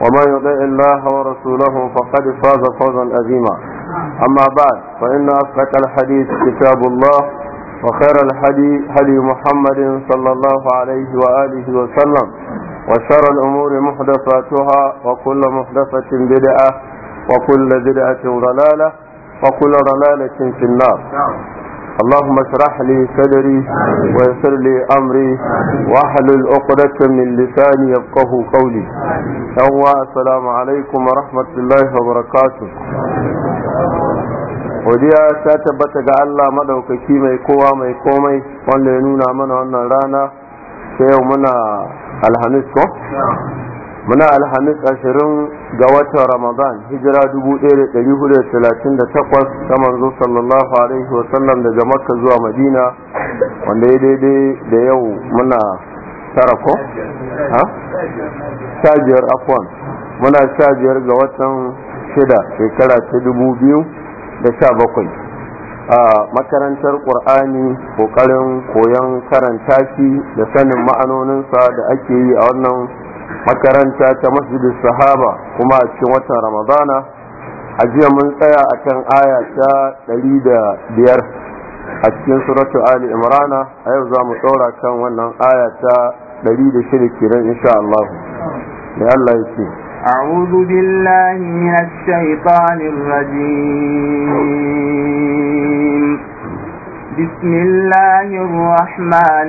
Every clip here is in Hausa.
ومن يطع الله ورسوله فقد فاز فوزا أزيما أما بعد فإن أصدق الحديث كتاب الله وخير الحديث هدي محمد صلى الله عليه وآله وسلم وشر الأمور محدثاتها وكل محدثة بدعة وكل بدعة ضلالة وكل ضلالة في النار نعم. اللهم اشرح لي صدري ويسر لي امري واحلل عقدة من لساني يفقه wa يوا السلام عليكم ورحمة الله وبركاته godiya ta tabbata ga Allah madaukaki mai kowa mai komai wanda ya nuna mana wannan rana sai yau muna alhamis ko muna alhamis ashirin ga watan ramadan hijira dubu ɗaya da ɗari da talatin da takwas ta manzo sallallahu alaihi wasallam daga makka zuwa madina wanda ya daidai da yau muna tara ko ha shajiyar afwan muna shajiyar ga watan shida shekara ta dubu biyu da sha bakwai a makarantar ƙur'ani ƙoƙarin koyon karanta shi da sanin ma'anoninsa da ake yi a wannan makaranta ta masjidin sahaba kuma a cikin watan ramadana a jiya mun tsaya a kan aya ta ɗari da biyar a cikin suratu ali imrana a yau za mu tsora kan wannan aya ta ɗari da shida kiran insha Allah da Allah ya ce أعوذ بالله من الشيطان الرجيم بسم الله الرحمن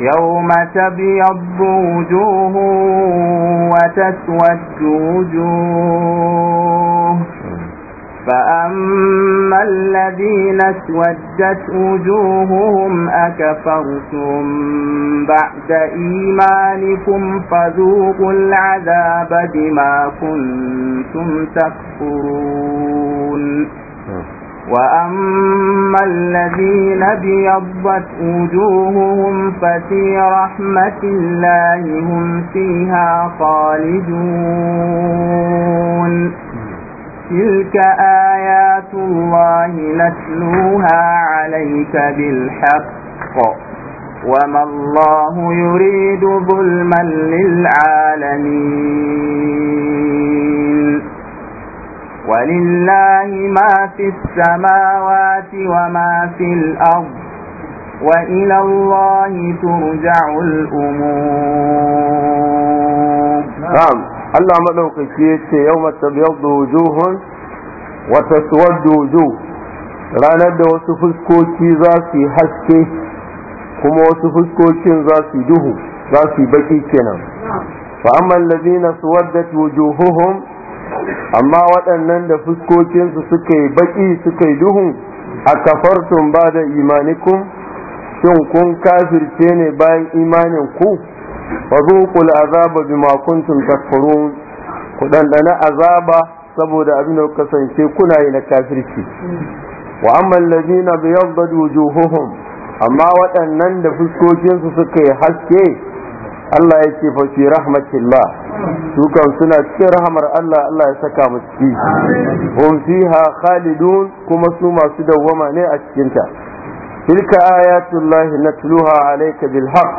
يوم تبيض وجوه وتسود وجوه فأما الذين اسودت وجوههم أكفرتم بعد إيمانكم فذوقوا العذاب بما كنتم تكفرون وأما الذين بيضت وجوههم ففي رحمة الله هم فيها خالدون تلك آيات الله نتلوها عليك بالحق وما الله يريد ظلما للعالمين ولله ما في السماوات وما في الأرض وإلى الله ترجع الأمور نعم الله ملوك كيتي يوم تبيض وجوه وتسود وجوه ranar da wasu fuskoki za su yi haske kuma wasu fuskokin za su duhu za su baki kenan fa amma allazina suwaddat wujuhuhum amma waɗannan da fuskokinsu suka yi baƙi suka yi duhu a kafartun ba da imanikun, shin kun kafirce ne bayan imanin ku wa zuqul azaba bima kuntum takfurun ku dandana azaba saboda abin da kasance kuna yi na kafirci wa amma alladhina biyaddu wujuhuhum amma waɗannan da fuskokinsu suka yi haske Allah ya ce fa fi rahmatillah su suna cikin rahmar Allah Allah ya saka mu ciki hum fiha khalidun kuma su masu dawwama ne a cikin ta tilka ayatullahi natluha alayka bil haqq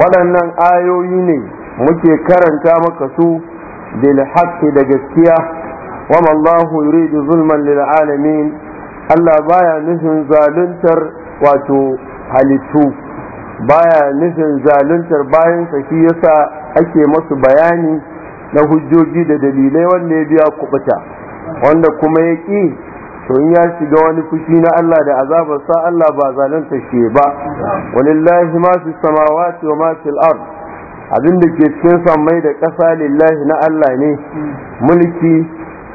waɗannan ayoyi ne muke karanta maka su bil haqqi da gaskiya wa Allahu yuridu zulman lil alamin Allah baya nufin zaluntar wato halittu baya nufin zaluntar bayansa shi yasa ake masu bayani na hujjoji da dalilai wanda ya biya kubuta wanda kuma ya ƙi to in ya shiga wani fushi na Allah da azabar sa Allah ba zalunta shi ba walillahi ma fi samawati wa ma fil ard abin da ke cikin sammai da ƙasa lillahi na Allah ne mulki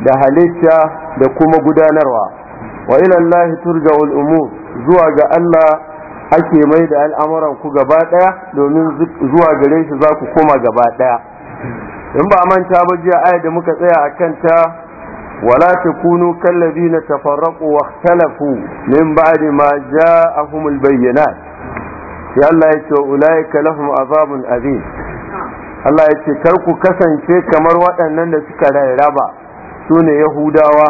da halitta da kuma gudanarwa wa ila Allah turja'ul umur zuwa ga Allah ake mai da al'amuran ku gaba daya domin zuwa gare shi za ku koma gaba daya in ba manta ba jiya aya da muka tsaya a kanta wala takunu kallazina tafarraqu wa ikhtalafu min ba'di ma ja'ahumul bayyinat sai Allah ya ce ulaika lahum azabun abin. Allah ya ce kar ku kasance kamar waɗannan da suka rarraba su ne yahudawa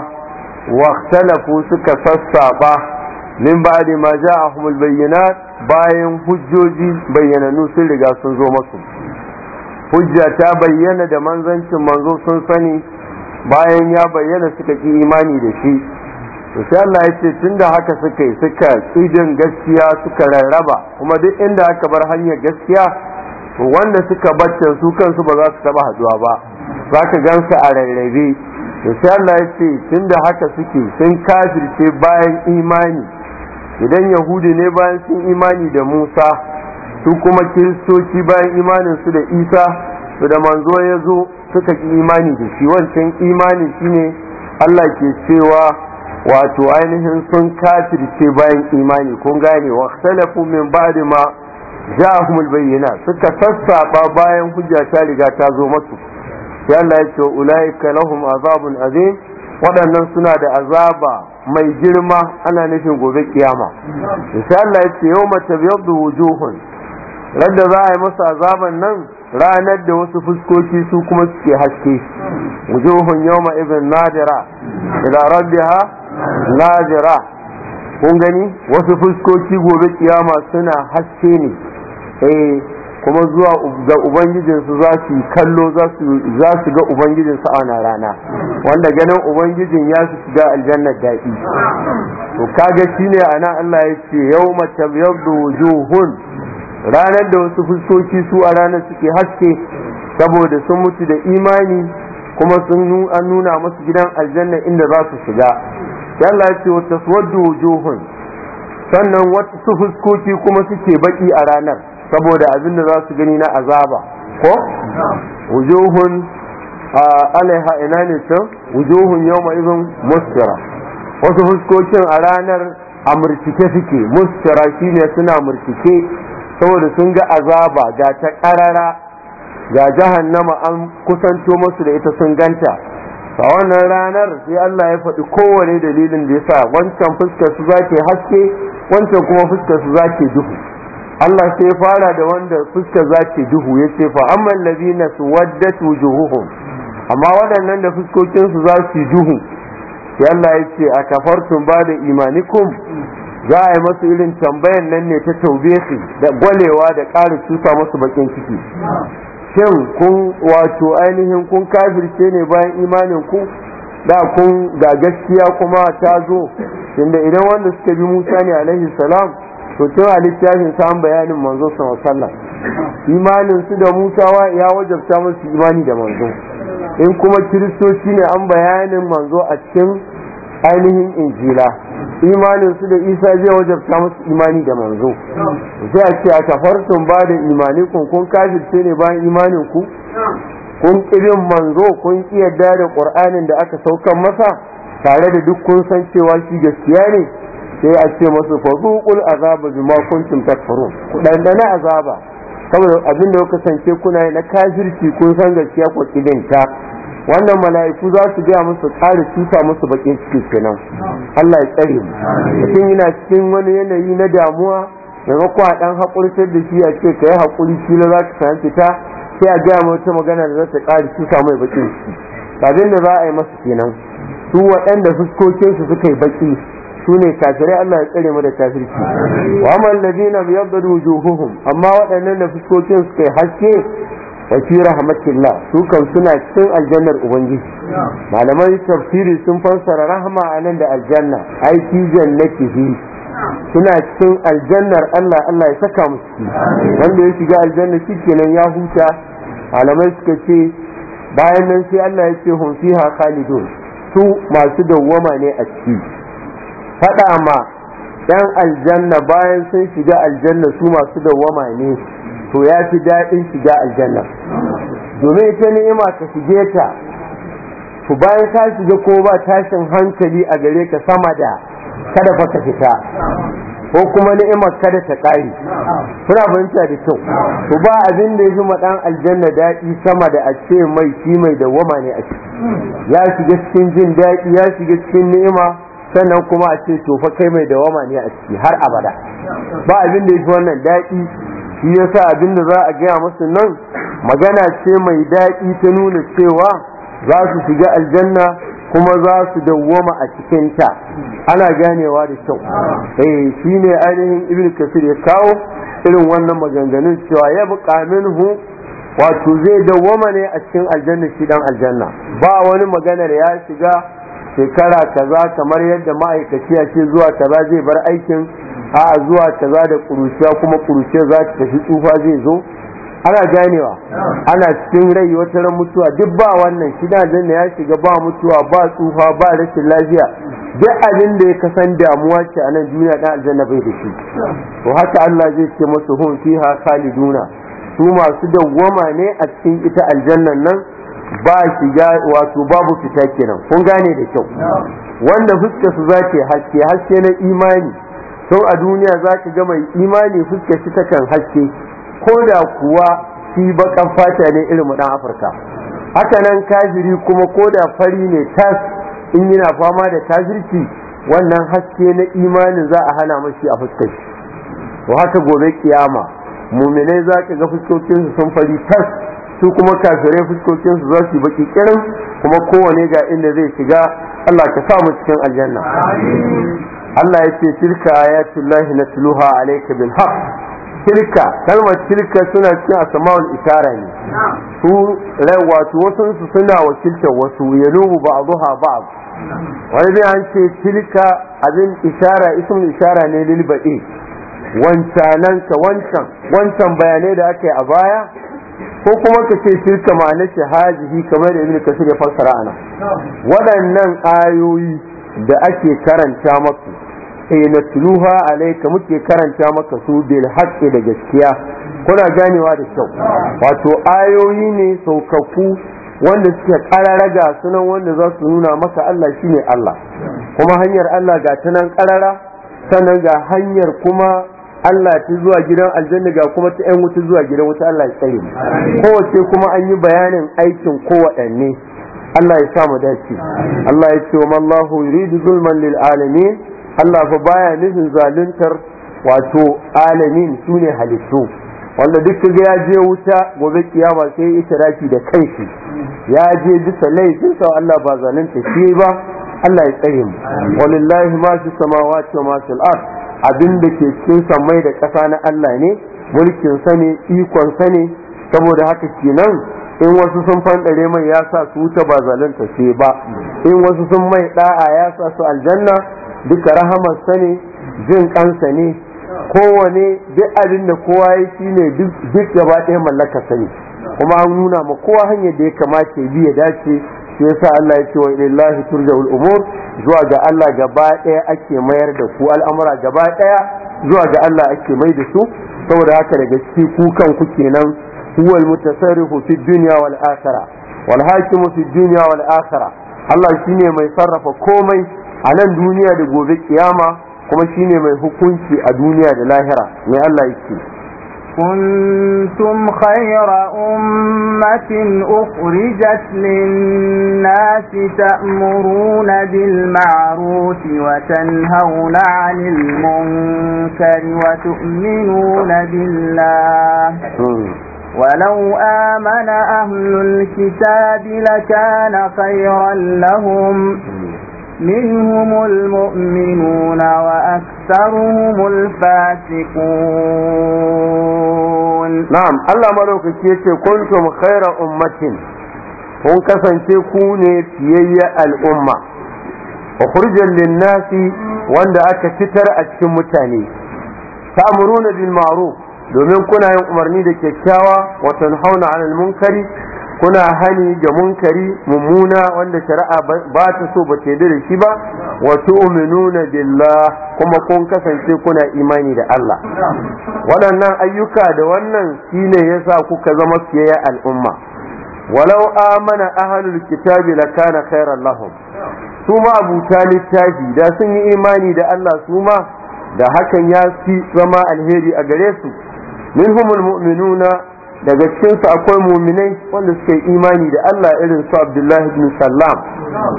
wa ikhtalafu suka sassaba min da ma a bayyana bayan hujjoji bayyananu sun riga sun zo masu hujja ta bayyana da manzancin manzo sun sani bayan ya bayyana suka ki imani da shi to sai Allah ya ce tunda haka suka yi suka tsidin gaskiya suka rarraba kuma duk inda aka bar hanyar gaskiya to wanda suka bacce su kansu ba za su taba haduwa ba za ka su a rarrabe to sai Allah ya ce tunda haka suke sun kafirce bayan imani idan yahudi ne bayan sun imani da musa su kuma kiristoci bayan imanin su da isa su da manzo ya zo suka ki imani da shi wancan imani shine allah ke cewa wato ainihin sun kafirce bayan imani kun gane wa salafu min ba'di ma ja'ahumul bayyana suka sassaba bayan hujja ta riga ta zo masu sai allah ya ce ulaika lahum azabun azim waɗannan suna da azaba mai girma ana nufin gobe kiyama insha Allah yace yawma tabyaddu wujuhun Randa za a yi masa azaban nan ranar da wasu fuskoki su kuma suke haske wujuhun ma ibn nadira ila rabbiha nadira kun gani wasu fuskoki gobe kiyama suna haske ne eh kuma zuwa ga ubangijinsu za su yi kallo za su ga ubangijinsu a rana wanda ganin ubangijin ya su shiga aljannar daɗi to kaga ne ana Allah ya ce yau mace wujuhun ranar da wasu fuskoki su a ranar suke haske saboda sun mutu da imani kuma sun an nuna musu gidan aljanna inda za su shiga yalla ya ce wata wujuhun sannan wasu fuskoki kuma suke baki a ranar saboda abin da za su gani na azaba ko wujuhun alaiha ina ne can wujuhun ma izin musfira wasu fuskokin a ranar a murtike suke shi shine suna murtike saboda sun ga azaba ga ta karara ga jahannama an kusanto masu da ita sun ganta a wannan ranar sai Allah ya faɗi kowane dalilin da ya sa wancan fuskar su zake haske wancan kuma fuskar su zake duhu Allah sai ya fara da wanda fuskar za duhu ya ce fa amma allazina suwaddat wujuhuhum amma waɗannan da fuskokinsu su za su duhu sai Allah ya ce a kafartum ba da imanikum za a yi masu irin tambayan nan ne ta taubehi da gwalewa da ƙara cuta masu bakin ciki shin kun wato ainihin kun kafirce ne bayan imanin ku da kun ga gaskiya kuma ta zo inda idan wanda suka bi Musa ne alaihi salam to wa littafin samun bayanin manzo sallallahu imanin su da wa ya wajabta musu imani da manzo in kuma kiristoci ne an bayanin manzo a cikin ainihin injila imanin su da isa zai wajabta musu imani da manzo sai a ce a tafartun ba da imani kun kun kafirce ne bayan imanin ku kun kirin manzo kun yarda da qur'anin da aka saukan masa tare da duk kun san cewa shi gaskiya ne sai a ce masu fazuqul azaba bima kuntum takfurun dan da na azaba saboda abin da sance kuna na kafirci kun san gaskiya ko kidinta wannan mala'iku za su gaya musu ƙara cuta musu bakin ciki kenan Allah ya tsare mu mutum yana cikin wani yanayi na damuwa maimakon a dan hakurtar da shi a ce ka yi haƙuri shi za ka san fita sai a gaya mu magana da za ta ƙara cuta mai bakin ciki abin da za a yi masa kenan su waɗanda fuskokinsu suka yi baki su ne kafirai Allah ya tsare mu da kafirci wa amal ladina biyaddadu wujuhuhum amma waɗannan da fuskokin su kai haske wa fi rahmatillah su kan suna cikin aljannar ubangiji malaman tafsiri sun fassara rahma anan da aljanna ai fi jannatihi suna cikin aljannar Allah Allah ya saka mu wanda ya shiga aljanna shikenan ya huta malamai suka ce bayan nan sai Allah ya ce hum fiha khalidun su masu dawwama ne a ciki faɗa ma ɗan aljanna bayan sun shiga aljanna su masu dawwama ne to ya fi daɗin shiga aljanna domin ita ni'ima ka shige ta to bayan ka shiga ko ba tashin hankali a gare ka sama da kada fa ka fita ko kuma ni'imar kada ta ƙare Suna fahimta da kyau to ba abin da ya fi maɗan aljanna daɗi sama da a ce mai shi mai dawwama ne a ciki ya shiga cikin jin daɗi ya shiga cikin ni'ima sannan kuma a ce tofa kai mai dawama ne a ciki har abada ba abin da yake wannan daɗi shi yasa abin da za a gaya musu nan magana ce mai daɗi ta nuna cewa za su shiga aljanna kuma za su dawwama a cikin ta ana ganewa da kyau eh shine ainihin ibn kasir ya kawo irin wannan maganganun cewa ya buƙa minhu wato zai dawwama ne a cikin aljanna shi dan aljanna ba wani maganar ya shiga shekara kaza kamar yadda ma'aikaci ya ce zuwa kaza zai bar aikin a zuwa kaza da kuruciya kuma kuruciya za ta tafi tsufa zai zo ana ganewa ana cikin rai wata ran mutuwa duk ba wannan shi da ya shiga ba mutuwa ba tsufa ba rashin lafiya duk abin da ya kasan damuwa ce a nan duniya dan aljanna bai da shi to haka Allah zai ce masu hum fiha khaliduna su masu dawwama ne a cikin ita aljannan nan ba shiga wato babu fita kenan kun gane da kyau wanda fuska su za haske haske na imani sau a duniya za ka ga mai imani fuska shi ta kan haske ko da kuwa shi bakan fata ne irin mu dan afirka haka nan kafiri kuma ko da fari ne tas in yana fama da kafirci wannan haske na imani za a hana mashi a fuskar shi to haka gobe kiyama muminai za ka ga fuskokinsu sun fari tas su kuma kafirai fuskokin su za su baki kirin kuma kowane ga inda zai shiga Allah ka sa mu cikin aljanna Allah ya ce tilka lahi natluha alayka bil haqq tilka kalmar tilka suna cikin asma'ul isara ne su wato wasu su suna wakiltar wasu ya nubu ba ba wani zai an ce tilka abin isara, ismin isara ne lil wancan wancan wancan bayanai da aka yi a baya ko kuma ka ce tilka ma'ana Hajihi, kamar da ibn kasir ya fassara ana waɗannan ayoyi da ake karanta maku eh natluha alayka muke karanta maka su bil haqqi da gaskiya kuna ganewa da kyau wato ayoyi ne saukakku wanda suke kararaga sunan wanda za su nuna maka Allah shine Allah kuma hanyar Allah ga ta nan karara sannan ga hanyar kuma Allah ta zuwa gidan aljanna ga kuma ta yan wuta zuwa gidan wuta Allah ya tsare kowace kuma an yi bayanin aikin kowaɗanne Allah ya sa mu dace Allah ya ce wa Allahu yuridu zulman lil alamin Allah fa baya nufin zaluntar wato alamin sune halittu wanda duk ga ya je wuta gobe kiyama sai ya itirafi da kanshi ya je bisa laifin sa Allah ba zalunta shi ba Allah ya tsare mu walillahi ma fi samawati wa ma fil ardh abin da ke cikin samai da ƙasa na Allah ne mulkin sa ne ikon sa ne saboda haka kenan in wasu sun fanɗare mai ya sa su wuce ba zalunta ce ba in wasu sun mai da'a ya sa su aljanna duka rahamar sa ne jin kansa ne kowane duk abin da kowa ya shi ne duk gaba ɗaya mallaka sa ne kuma an nuna ma kowa hanyar da ya kamata ya bi ya dace shi yasa Allah ya ce wa lillahi turja'ul umur zuwa ga Allah gaba daya ake mayar da ku al'amura gaba daya zuwa ga Allah ake mai da su saboda haka daga ciki ku ku kenan huwal mutasarrifu fi dunya wal akhirah wal hakimu fi dunya wal akhirah Allah shine mai sarrafa komai a nan duniya da gobe kiyama kuma shine mai hukunci a duniya da lahira mai Allah yake كنتم خير أمة أخرجت للناس تأمرون بالمعروف وتنهون عن المنكر وتؤمنون بالله ولو آمن أهل الكتاب لكان خيرا لهم منهم المؤمنون وأكثرهم الفاسقون نعم الله ملوك كيف كنتم خير أمة kun kasance ku ne fiyayya al'umma ukhrijal linnasi wanda aka fitar a cikin mutane ta'muruna bil Maru, domin kuna yin umarni da kyakkyawa wa tanhauna 'anil munkari kuna hani ga munkari mummuna wanda shari'a ba ta so ba ta da shi ba wa tu'minuna billah kuma kun kasance kuna imani da Allah waɗannan ayyuka da wannan shine yasa kuka zama fiye al'umma walau amana ahlul kitabi lakana khairan lahum su ma abuta littafi da sun yi imani da Allah su ma da hakan ya fi zama alheri a gare su minhumul mu'minuna daga cikinsu akwai muminai wanda suke imani da Allah irin su Abdullahi ibn Sallam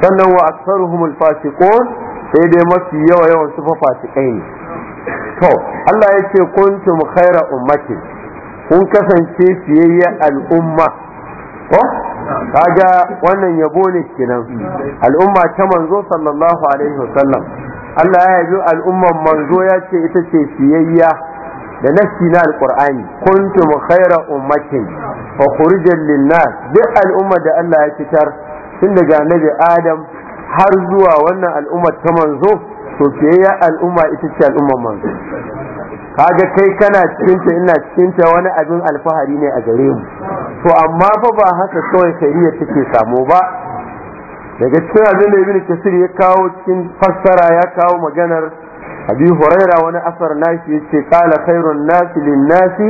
sannan wa al fasiqun sai dai mafi yawa yawan su fa fasikai ne to Allah ya ce kuntum khaira ummatin kun kasance fiyayya al'umma ko kaga wannan yabo ne kenan al'umma ta manzo sallallahu alaihi wasallam Allah ya yabi al'umman manzo ya ce ita ce fiyayya da nassi na alqur'ani kuntum khayra ummatin fa khurijan linnas duk al'umma da Allah ya fitar tun daga annabi Adam har zuwa wannan al'umma ta manzo to ya al'umma ita ce al'umman manzo kaga kai kana cikin ta ina cikin ta wani abin alfahari ne a gare mu to amma fa ba haka kawai shari'a take samu ba daga cikin abin da ibnu kasir ya kawo cikin fassara ya kawo maganar abi huraira wani asar nashi yace qala khairun nasi lin nasi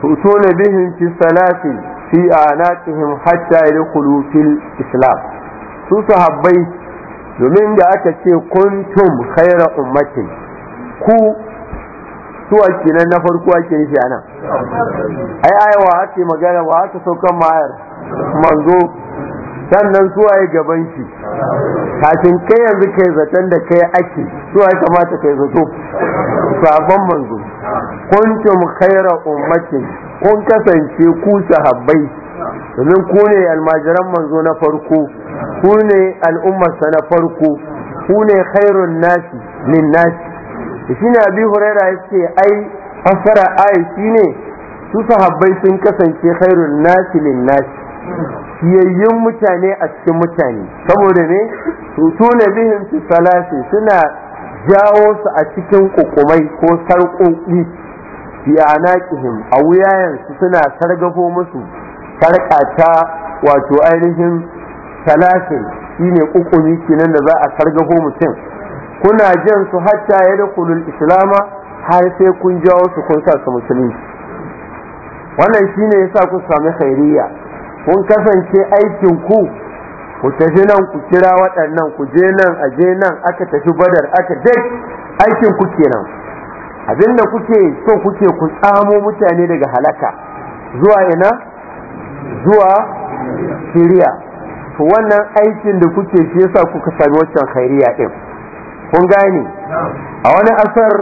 tutuna bihim fi salati fi anatihim hatta yadkhulu fil islam su sahabbai domin da aka ce kuntum khaira ummatin ku su kenan na farko ake nufi anan ai ai wa ake magana wa aka saukan ma'ayar manzo sannan suwaye gaban shi kafin kai yanzu kai zaton da kai ake ya kamata kai zato sabon manzo kuntum khaira ummatin kun kasance ku sahabbai domin ku ne almajiran manzo na farko ku ne al'ummarsa na farko ku ne khairun nasi min nasi shi ne abi huraira yake ai fassara ai shine su sahabbai sun kasance khairun nasi lin nasi siyayyun mutane a cikin mutane saboda ne ne bihin su Salafi, suna jawo su a cikin kukumai ko sarƙoƙi fi a wuyayensu suna sargafo musu sarƙa ta wato ainihin shi shine kukumi nan da za a sargafo mutum kuna jan su hatta ya da kulul islama har sai kun jawo su kun sa su musulunci wannan shi ne ya sa ku sami khairiyya kun kasance aikin ku ku tafi nan ku kira waɗannan ku je nan a je nan aka tafi badar aka dai aikin ku kenan abinda kuke so kuke ku tsamo mutane daga halaka zuwa ina zuwa siriya to wannan aikin da kuke shi yasa kuka sami waccan khairiya din kun gane a wani asar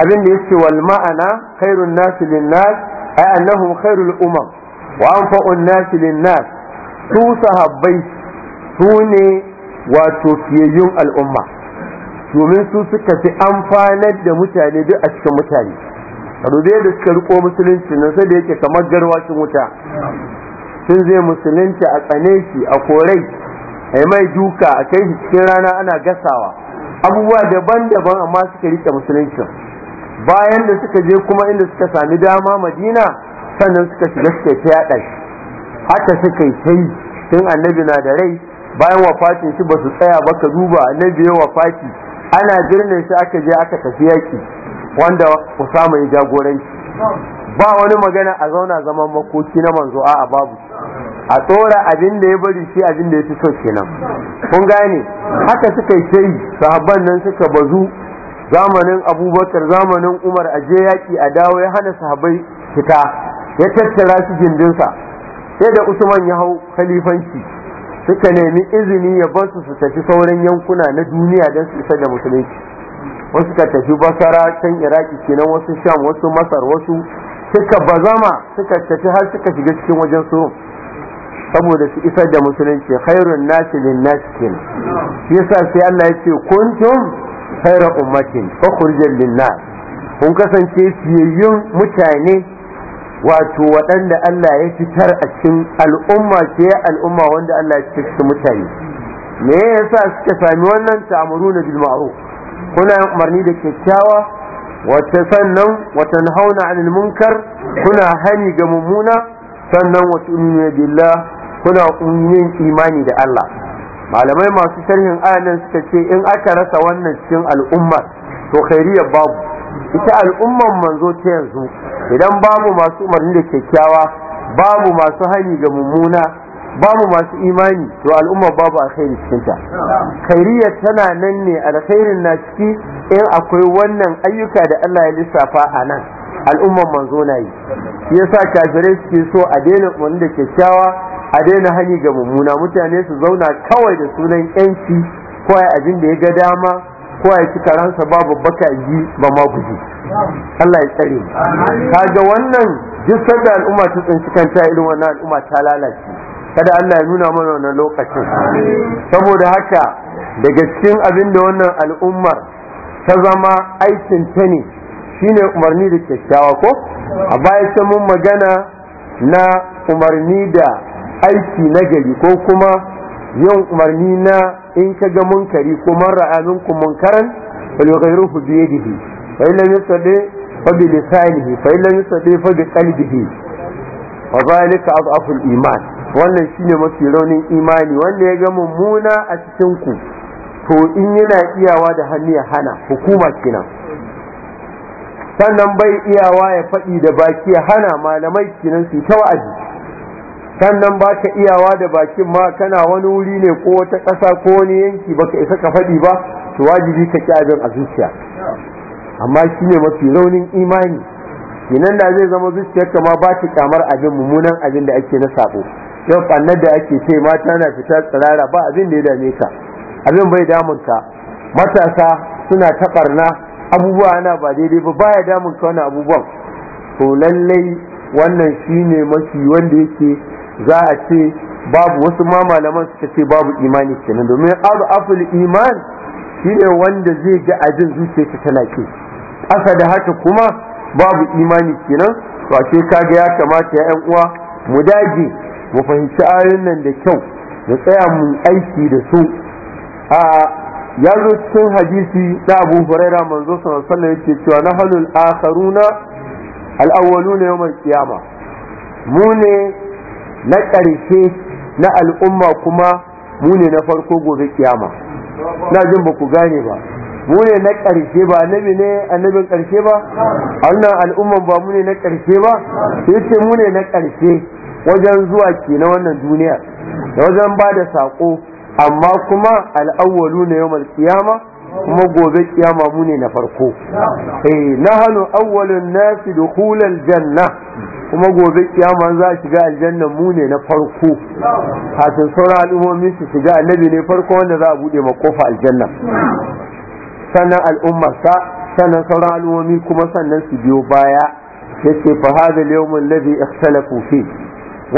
abin da yake wal ma'ana khairun nasi lin nas ay annahum khairul umam wa anfa'un nasi linnas su sahabbai su ne wato fiyayyun al'umma domin su suka fi amfanar da mutane duk a cikin mutane rube da suka riko musulunci nan sai da yake kamar garwashin wuta sun zai musulunci a tsane shi a korai a yi mai duka a kai shi cikin rana ana gasawa abubuwa daban-daban amma suka rike musuluncin bayan da suka je kuma inda suka sami dama madina sannan suka shiga suka ta yaɗa shi haka suka yi ta yi tun annabi na da rai bayan wafatin shi ba su tsaya ba ka duba annabi ya wafati ana birnin shi aka je aka tafi yaƙi wanda ku samu ya jagoranci ba wani magana a zauna zaman makoki na manzo a babu a tsora abin da ya bari shi abin da ya fi so kenan kun gane haka suka yi sai sahabban nan suka bazu zamanin abubakar zamanin umar a je yaƙi a dawo ya hana sahabai fita ya tattara shi gindinsa sai da usman ya hau khalifanci suka nemi izini ya bar su su tafi sauran yankuna na duniya don su isa da musulunci wasu suka tafi basara can iraki kenan wasu sham wasu masar wasu suka bazama suka tafi har suka shiga cikin wajen su saboda su isa da musulunci khairun nasi lin nasi kenan yasa sai Allah ya ce kuntum khairu ummatin ukhrijal lin nas kun kasance fiyayyun mutane wato waɗanda Allah ya fitar a cikin al'umma ce al'umma wanda Allah ya fitar cikin mutane me yasa suka sami wannan ta'muruna bil ma'ruf kuna yin umarni da kyakkyawa wata sannan wata hauna anil munkar kuna hani ga mummuna sannan wata umminu billah kuna yin imani da Allah malamai masu sharhin ayan suka ce in aka rasa wannan cikin al'umma to khairiyar babu ita al'umman manzo ta yanzu idan babu masu umarni da kyakkyawa babu masu hani ga mummuna babu masu imani to al'umma babu alkhairi cikin ta khairiyya tana nan ne alkhairin na ciki in akwai wannan ayyuka da Allah ya lissafa a nan al'umman manzo na yi yasa kafirai suke so a daina umarni da kyakkyawa a daina hani ga mummuna mutane su zauna kawai da sunan yanci ko abin da ya ga dama ko ya ci karansa babu baka ji ba ma guji Allah ya tsare kaga wannan jisar da al'umma ta tsinci kanta irin wannan al'umma ta lalace kada Allah ya nuna mana wannan lokacin saboda haka daga cikin abin da wannan al'ummar ta zama aikin ta ne shine umarni da kyakkyawa ko a baya ta mun magana na umarni da aiki na gari ko kuma yin umarni na in ka ga munkari ko man ra'a minkum munkaran yughayyiruhu bi yadihi fa illa yusaddi fa bi lisanihi fa illa yusaddi fa bi qalbihi wa zalika adhafu al-iman wannan shine mafi raunin imani wanda ya ga mummuna a cikin ku to in yana iyawa da hannu ya hana hukuma kenan sannan bai iyawa ya faɗi da baki ya hana malamai kinan su ta wa'azi sannan ba ka iyawa da bakin ma kana wani wuri ne ko wata ƙasa ko wani yanki baka isa ka faɗi ba to wajibi ka ƙi abin a zuciya amma shi ne mafi raunin imani kenan da zai zama zuciyarka kama ba ta kyamar abin mummunan abin da ake na sabo yau ɓannar da ake ce mata na fita tsirara ba abin da ya dame ka abin bai ka, matasa suna taɓarna abubuwa ana ba daidai ba baya damun ka wani abubuwan to lallai wannan shine mafi wanda yake za a ce babu wasu ma malaman suka ce babu imani kenan domin abu aful iman shine wanda zai ga ajin zuciyarsa tana ke asa da haka kuma babu imani kenan to a ce kaga ya kamata ya yan uwa mu dage mu fahimci ayoyin nan da kyau da tsaya mu aiki da su a ya zo cikin hadisi da abu huraira manzo sallallahu alaihi wasallam yake cewa halul akharuna al-awwaluna yawm al-qiyamah mu ne na ƙarshe na al'umma kuma mu ne na farko gobe kiyama na jin ba ku gane ba mu ne na ƙarshe ba annabi ne annabin ƙarshe ba annan al'umman ba mu ne na ƙarshe ba sai ce mu ne na ƙarshe wajen zuwa ke na wannan duniya da wajen ba da saƙo amma kuma al'awwalu na yawmal kiyama kuma gobe kiyama mu ne na farko eh nahnu awwalun nasi dukhulal janna kuma gobe kiyama za a shiga aljanna mu ne na farko kafin sauran al'ummomi su shiga annabi ne farko wanda za a bude ma kofa aljanna sannan al'ummarsa sannan sauran al'ummomi kuma sannan su biyo baya yace fa hadha al-yawm alladhi ikhtalafu fi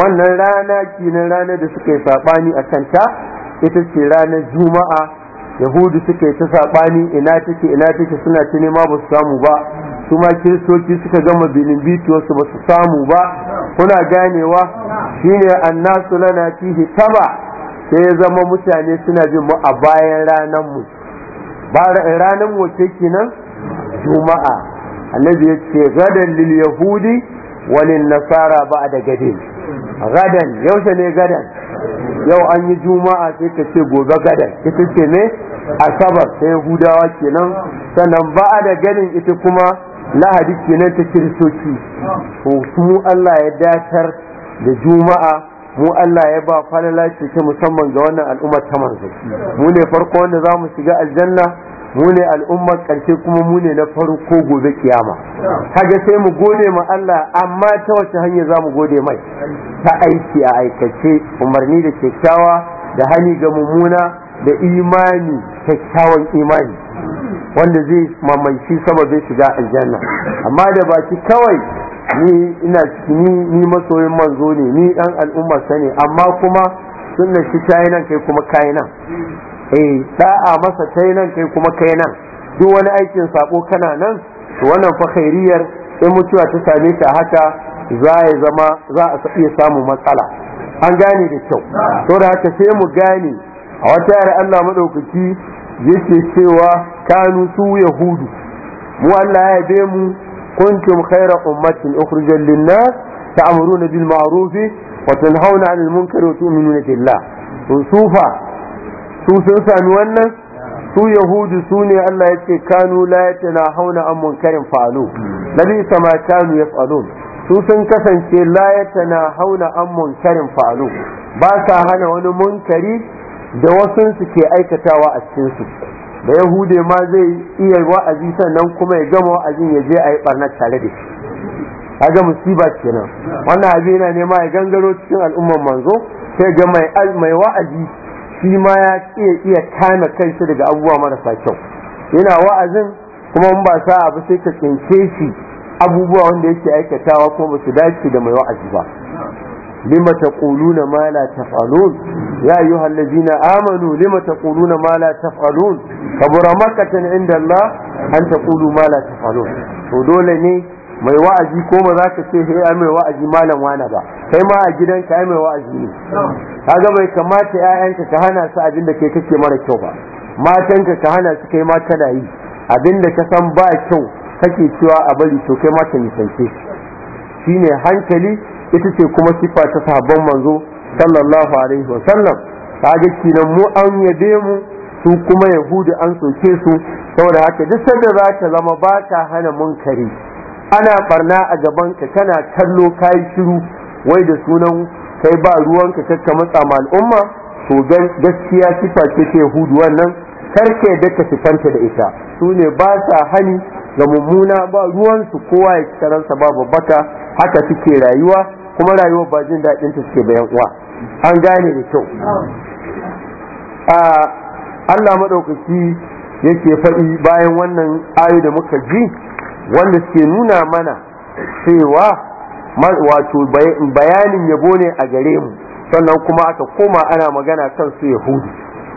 wannan rana kinan ranar da suka yi sabani a kanta ita ce ranar juma'a yahudu suka yi ta saɓani ina take ina take suna ta nema ba su samu ba su ma kiristoci suka gama binin bituwarsu ba su samu ba kuna ganewa shine annasu lana fihi taba sai ya zama mutane suna jin mu a bayan ranar mu ranar wace kenan juma'a annabi ya ce gadan lil yahudi walin nasara ba da gadin gadan yaushe ne gadan yau an yi juma'a sai ka ce gobe gadan ita ce ne asabar ta yahudawa kenan sannan ba a da ganin ita kuma lahadi kenan ta kiristoci to mu Allah ya datar da juma'a mu Allah ya ba falala ce ta musamman ga wannan al'ummar ta manzo mu ne farko wanda za mu shiga aljanna mu ne al'ummar ƙarshe kuma mu ne na farko gobe kiyama kaga sai mu gode ma Allah amma ta wace hanya za mu gode mai ta aiki a aikace umarni da kyakkyawa da hani ga mummuna da imani kyakkyawan imani wanda zai mamanci zai shiga aljanna amma da baki kawai ni ina ni ni masoyin manzo ne ni dan al'umma sane amma kuma sunna shi ta kai kuma kayi nan eh da'a masa kai nan kai kuma kai nan duk wani aikin sako kana nan to wannan fa khairiyar sai mutuwa ta same ta haka za ya zama za a iya samu matsala an gane da kyau to da haka sai mu gane a wata yare Allah madaukaki yake cewa kanu su yahudu mu Allah ya yabe mu kuntum khaira ummatin ukhrijal linnas ta'muruna bil ma'ruf wa tanhauna 'anil munkari wa tu'minuna billah to sufa su sun sami wannan su yahudu su ne Allah ya ce kanu la na hauna an munkarin fa'alu zai sama kanu ya falo su sun kasance la na hauna an munkarin fa'alu ba sa hana wani munkari da wasu su ke aikatawa a cikin su da yahude ma zai iya wa'azi sannan kuma ya gama wa'azin ya je a yi barnar tare da shi kaga musiba kenan wannan abin yana nema ya gangaro cikin al'ummar manzo sai ga mai wa'azi shi ma ya iya iya kame kanshi daga abubuwa marasa kyau yana wa'azin kuma in ba sa abu sai ka tsince shi abubuwa wanda yake aikatawa kuma ba su dace da mai wa'azi ba lima taquluna ma la taf'alun ya ayyuha allazina amanu lima taquluna ma la taf'alun kabura makkatan inda Allah an taqulu ma la taf'alun to dole ne mai wa'azi ko ba za ka ce he ai mai wa'azi malam wana ba kai ma a gidanka ai mai wa'azi ne kaga bai kamata ƴaƴanka ka hana su abin da kai kake mara kyau ba matanka ka hana su kai ma kana yi abin da ka san ba kyau kake cewa a bari to kai ma ka nisance shine hankali ita ce kuma sifa ta sahabban manzo sallallahu alaihi wa sallam kaga kinan mu an yabe mu su kuma yahudu an soke su saboda haka duk sanda za ka zama ba ka hana munkari ana barna a gaban ka kana kallo kai shiru wai da sunan kai ba ruwan ka kakka matsa ma al'umma to gaskiya sifa ce ce, hudu wannan karke da ka sifanta da ita su ne ba sa hani ga mummuna ba ruwansu kowa ya ci ba babbaka haka suke rayuwa kuma rayuwa ba jin daɗin ta suke bayan uwa an gane da kyau Allah maɗaukaki yake faɗi bayan wannan ayo da muka ji wanda suke nuna mana cewa wato bayanin yabo ne a gare mu sannan kuma aka koma ana magana kan su yahudu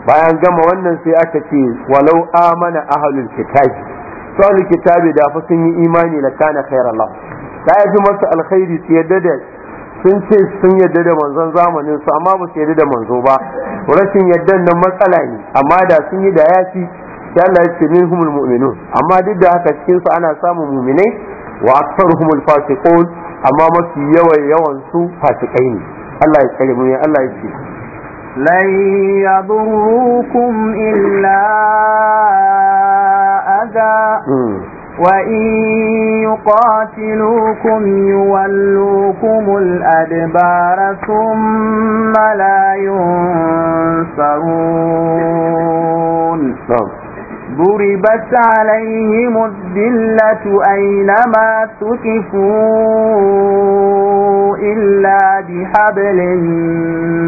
bayan gama wannan sai aka ce walau amana ahlul kitabi su ahlul kitabi da fa sun yi imani la kana khairan Allah da ya fi masa alkhairi su yadda da sun ce sun yadda da manzon zamanin su amma ba su yadda da manzo ba rashin yaddan nan matsala ne amma da sun yi da yafi sai Allah ya ce minhum almu'minun amma duk da haka cikin su ana samun mu'minai wa aktharuhum alfasiqun amma mafi yawan yawan su fasikai ne Allah ya kare mu ya Allah ya ce lan yadurukum illa adha وإن يقاتلوكم يولوكم الأدبار ثم لا ينصرون ضربت عليهم الذلة أينما تكفوا إلا بحبل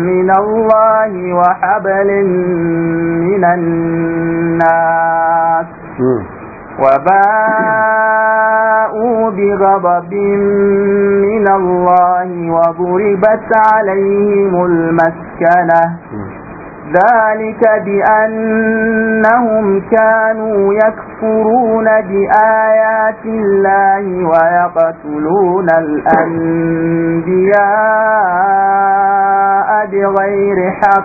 من الله وحبل من الناس وباءوا بغضب من الله وضربت عليهم المسكنة ذلك بأنهم كانوا يكفرون بآيات الله ويقتلون الأنبياء بغير حق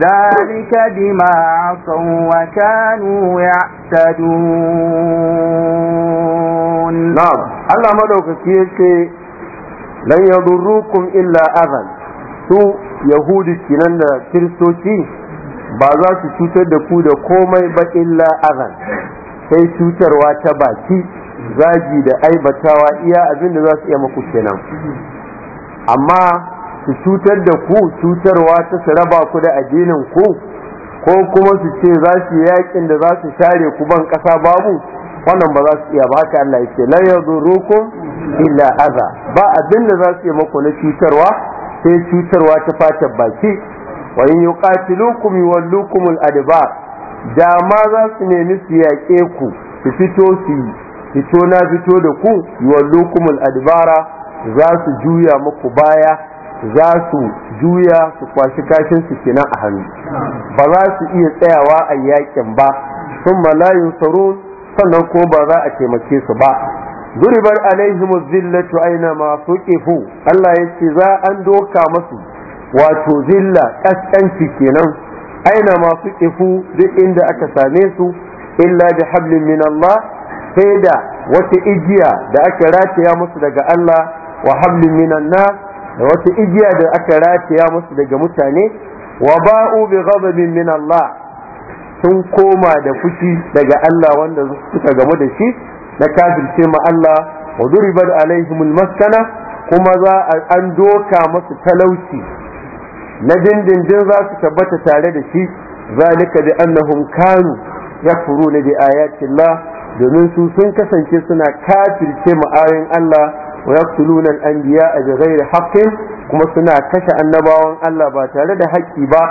ذلك بما عصوا وكانوا يعتدون نعم الله مدوك كيكي لن يضروكم إلا أذن su yahudu kinan da kiristoci ba za su cutar da ku da komai ba illa azan sai cutarwa ta baki zagi da aibatawa iya abin da za su iya maku kenan amma su cutar da ku cutarwa ta su ku da addinin ku ko kuma su ce za su yi yakin da za su share ku ban kasa babu wannan ba za su iya ba haka Allah ya ce la yadurukum illa aza ba abin da za su iya maku na cutarwa sai cutarwa ta fata baki wa in yuqatilukum yuwallukum al-adbar da ma za su nemi su yaƙe ku su fito su fito na fito da ku yuwallukum al-adbara za su juya muku baya za su juya su kwashi kashin su kenan a hannu ba za su iya tsayawa a yakin ba sun malayin yunsarun sannan ko ba za a taimake su ba duribar Zilla, to aina ma suqifu Allah ya ce za an doka masu wato zilla kaskanci kenan aina masu ƙifu duk inda aka same su illa da hablin min Allah sai da wata igiya da aka rataya musu daga Allah wa hablin min da wata igiya da aka rataya musu daga mutane wa ba'u bi ghadabin min Allah sun koma da fushi daga Allah wanda suka gamu da shi na kafirce ma Allah wa duribar alaihimul maskana kuma za a an doka masu talauci na dindindin za su tabbata tare da shi zalika bi annahum kanu yakfuruna bi ayatillah domin su sun kasance suna kafirce ma Allah wa yaqtuluna al a bighairi haqqin kuma suna kashe annabawan Allah ba tare da haƙƙi ba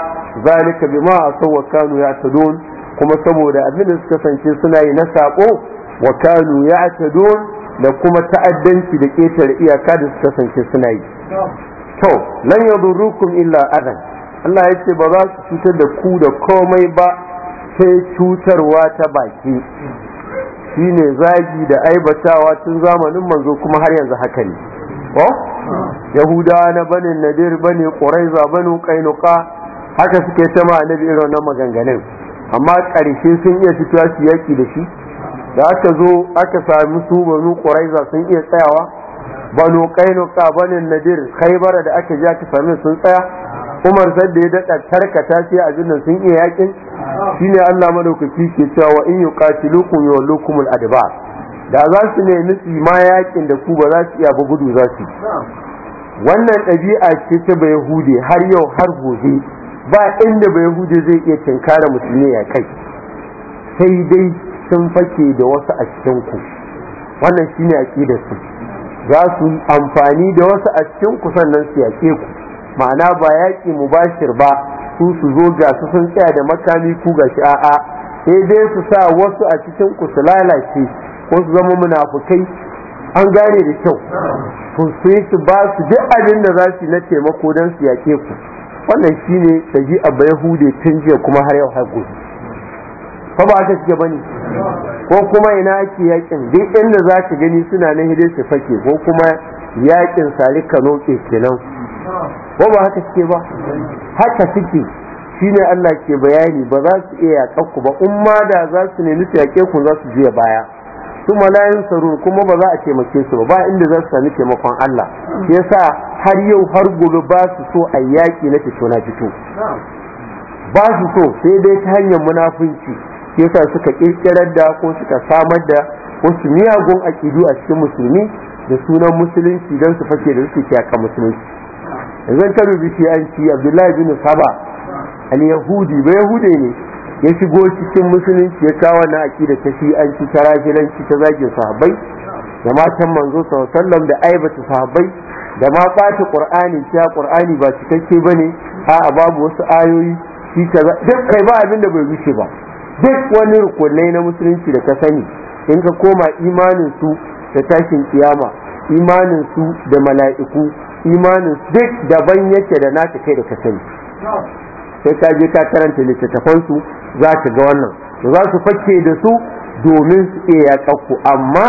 zalika bima asaw wa kanu ya'tadun kuma saboda abin da suka kasance suna yi na saƙo. wa kanu ya'tadun da kuma ta'addanci da ketare iyaka da suka kasance suna yi to lan yadurrukum illa adan Allah ya ce ba za su cutar da ku da komai ba sai cutarwa ta baki shine zagi da aibatawa tun zamanin manzo kuma har yanzu haka ne ko yahudawa na banin nadir bane quraiza banu qainuqa haka suke ta annabi irin wannan maganganun amma ƙarshe sun iya fitowa su yaki da shi da aka zo aka sami su banu ƙuraiza sun iya tsayawa banu qainuqa banu nadir khaibar, da aka ja ta sami sun tsaya umar da ya daɗa tarkata shi a jinnan sun iya yakin shine Allah madaukaki ke cewa wa in yuqatilukum yuwallukum al-adbar da za su ne nufi ma yakin da ku ba za su iya ba gudu za su wannan ɗabi'a ce ta bai har yau har gobe ba inda bai zai iya tinkara musulmi ya kai sai dai sun fake da wasu a cikinku wannan shine su, za su amfani da wasu a cikinku sannan su yake ku ma'ana ba yaƙi mu ba su su zo ga su sun tsaya da makami ku ga shi a'a sai dai su sa wasu a cikin ku su lalace ko su zama munafukai an gane da kyau ku sai su ba su duk abin da za su na taimako don su yake ku wannan shine da ji abu yahude tun jiya kuma har yau har gobe fa ba aka suke bane ko kuma ina ake yakin duk inda za ka gani suna na hidin su fake ko kuma yakin sali kano kenan ko ba haka suke ba haka suke shine Allah ke bayani ba za su iya yaƙa ku ba in da za su nemi su yake ku za su je baya su malayin sarun kuma ba za a taimake su ba ba inda za su sami taimakon Allah yasa har yau har gobe ba su so a yaki na fito na fito ba su so sai dai ta hanyar munafunci shi yasa suka kirkirar da ko suka samar da wasu miyagun aƙidu a cikin musulmi da sunan musulunci don su fashe da suke kyaka musulunci yanzu ta rubuci an ci abdullahi bin saba al yahudi ba Yahudi ne ya shigo cikin musulunci ya kawo na akida ta shi an ci ta rafilanci ta zagin sahabbai da matan manzo sallam da aibata sahabbai da ma ɓata ƙur'ani ta ƙur'ani ba cikakke ba ne a babu wasu ayoyi shi kaza duk kai ba abin da bai rushe ba duk wani rukunai na musulunci da ka sani in ka koma imanin su da tashin kiyama imanin su da mala'iku imanin duk daban yake da naka kai da ka sani sai ka je ka karanta littattafan su za ka ga wannan za su fakke da su domin su iya ku. amma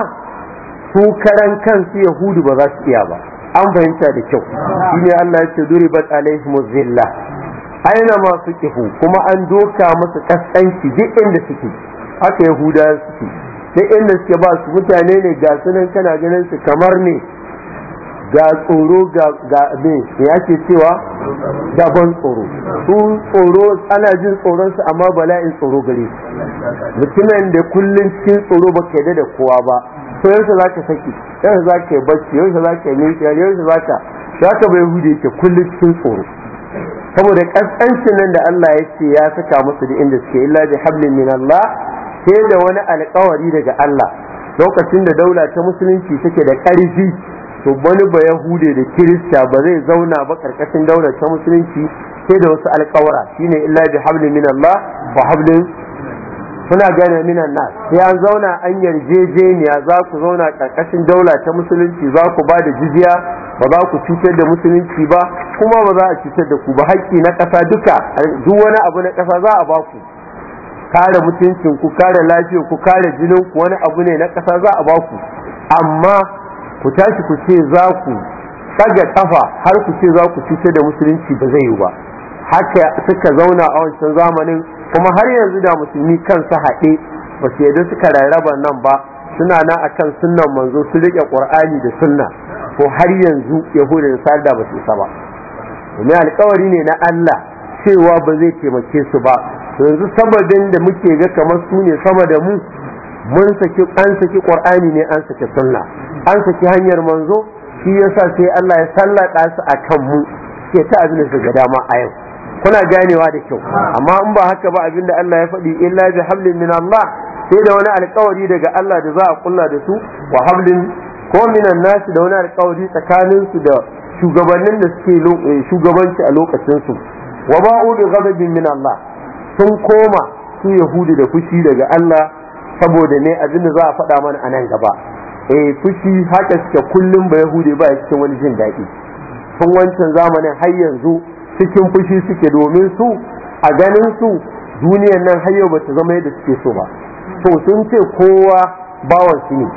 su karan kansu yahudu ba za su iya ba an fahimta da kyau shine Allah ya ce duribat alaihimu zilla aina ma suke kuma an doka musu kaskanci duk inda suke haka yahuda suke duk inda suke ba su mutane ne ga sunan kana ganin su kamar ne ga tsoro ga abin ya ke cewa daban tsoro su tsoro ana jin tsoron su amma bala'in tsoro gare su mutumin da kullum cikin tsoro ba ka yadda da kowa ba to yau za ka saki yau za ka yi bacci yau za ka yi nisa yau za ka za ka bai hude ke kullum cikin tsoro saboda kaskancin nan da Allah ya ce ya saka musu da inda suke illa bi hablin min Allah sai da wani alƙawari daga Allah lokacin da daula ta musulunci take da ƙarfi to wani ba yahude da kirista ba zai zauna ba karkashin daular ta musulunci ke da wasu alƙawara shine illa bi hablin min Allah wa hablin kuna gane minan nan. sai an zauna an yarjejeniya za ku zauna karkashin daula ta musulunci za ku ba da jizya ba za ku cutar da musulunci ba kuma ba za a cutar da ku ba haƙƙi na ƙasa duka duk wani abu na ƙasa za a ba ku kare mutuncin ku kare lafiyar ku kare jinin ku wani abu ne na ƙasa za a ba ku amma ku tashi ku ce za ku tsaga kafa har ku ce za ku cutar da musulunci ba zai yi ba haka suka zauna a wancan zamanin kuma har yanzu da musulmi kan kansu haɗe ba su yadda suka rarraba nan ba suna nan akan sunnan manzo su riƙe ƙur'ani da sunna ko har yanzu yahuda da sarda ba su isa ba domin alkawari ne na Allah cewa ba zai taimake su ba yanzu sabadin da muke ga kamar su ne sama da mu mun saki an saki ƙur'ani ne an saki sunna an saki hanyar manzo shi yasa sai Allah ya sallaka su kan mu ke ta abin da su ga dama a yau kuna ganewa da kyau amma in ba haka ba abinda Allah ya faɗi illa bi hablin min Allah sai da wani alƙawari daga Allah da za a kulla da su wa hablin ko minan nasu da wani alƙawari tsakanin su da shugabannin da suke eh, shugabanci a lokacin su wa ba'u bi ghadabin min Allah sun koma su yahudi da fushi daga Allah saboda ne abin da za a faɗa mana a nan gaba eh fushi haka suke kullum ba yahudi ba cikin wani jin daɗi sun wancan zamanin har yanzu cikin fushi suke domin su a ganin su duniyan nan hayo ba ta zama yadda suke so ba to sun ce kowa bawan su ne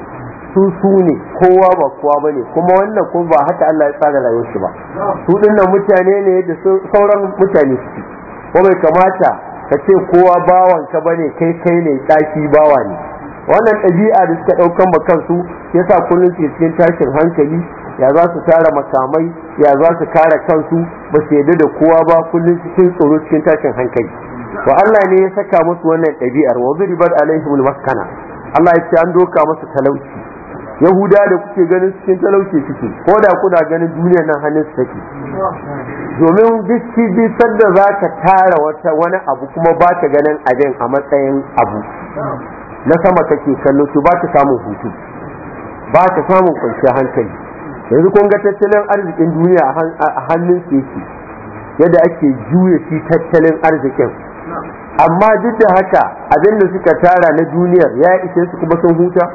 su su ne kowa ba kowa ba ne kuma wannan kuma ba haka Allah ya tsara rayuwar shi ba su dinnan mutane ne da sauran mutane suke ko bai kamata ka ce kowa bawan ka bane kai kai ne daki bawa ne wannan ɗabi'a da suka ɗaukan ma kansu yasa kullum su cikin tashin hankali ya za su tara makamai ya za su kare kansu ba su yadda da kowa ba kullum cikin tsoro cikin tashin hankali to Allah ne ya saka musu wannan ɗabi'ar wa zuribat alaihimul maskana Allah ya ce an doka musu talauci yahuda da kuke ganin cikin talauci suke ko da kuna ganin duniya nan hannun su take domin biski bi da za ka tara wani abu kuma ba ka ganin abin a matsayin abu na sama kake kallo to ba ka samun hutu ba ka samun kwanciyar hankali yanzu kun ga tattalin arzikin duniya a hannun yadda ake juya shi tattalin arzikin amma duk da haka abin da suka tara na duniyar ya ishe su kuma sun huta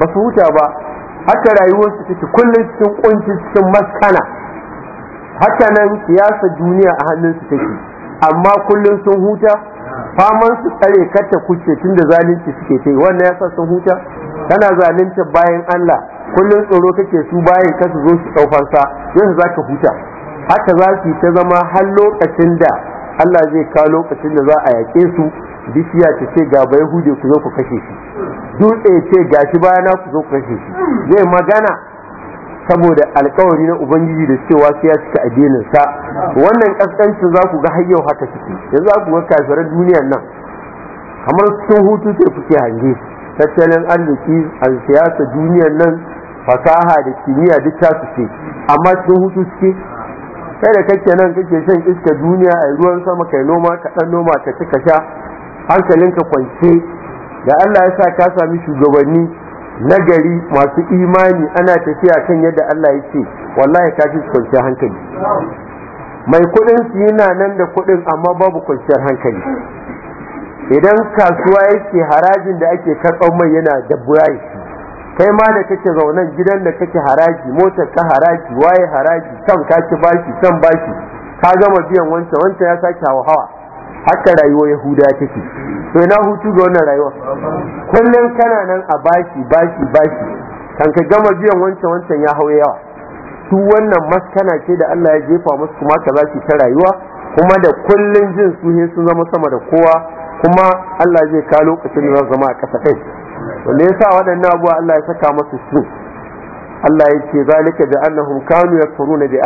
ba su huta ba haka rayuwarsu take kullum cikin kunci cikin maskana haka nan siyasar duniya a hannun su take amma kullum sun huta faman su tsare kata kuce tun da zalunci suke ta yi wannan sa sun huta tana zalunta bayan Allah kullum tsoro kake su bayan kasu zo su ɗaufansa yanzu za ka huta haka za su ta zama har lokacin da Allah zai kawo lokacin da za a yaƙe su bishiya ta ce ga bai hude ku zo ku kashe shi dutse ya ce ga shi bayana ku zo ku kashe shi zai magana saboda alkawari na ubangiji da cewa sai ya cika sa wannan kaskancin za ku ga hayyau haka ciki yanzu za ku ga kafiran duniyar nan kamar sun hutu ce kuke hange tattalin arziki a siyasa duniyar nan fasaha da kimiyya duk ta su ce amma cikin hutu suke kai da kake nan kake shan iska duniya a ruwan sama kai noma ka dan noma ka ci ka sha hankalinka kwance da Allah ya sa ka sami shugabanni na gari masu imani ana tafiya kan yadda Allah ya ce wallahi ka fi kwanciyar hankali mai kudin su yana nan da kudin amma babu kwanciyar hankali idan kasuwa yake harajin da ake karɓar mai yana da burayi kai ma da kake zaunan gidan da kake haraji motar ka haraji waye haraji can ka ci bashi can bashi ka gama biyan wancan wancan ya sake hawa hawa haka rayuwa yahuda take to ina hutu ga wannan rayuwa kullun kana nan a bashi bashi bashi kan ka gama biyan wancan wancan ya hau yawa su wannan maskana ce da Allah ya jefa musu kuma ka zaki ta rayuwa kuma da kullun jin su sun zama sama da kowa kuma Allah zai ka lokacin da zama a kasa kai wanda ya sa waɗannan abuwa Allah ya saka masu su Allah ya ce zalika da annahum kanu yakfuruna bi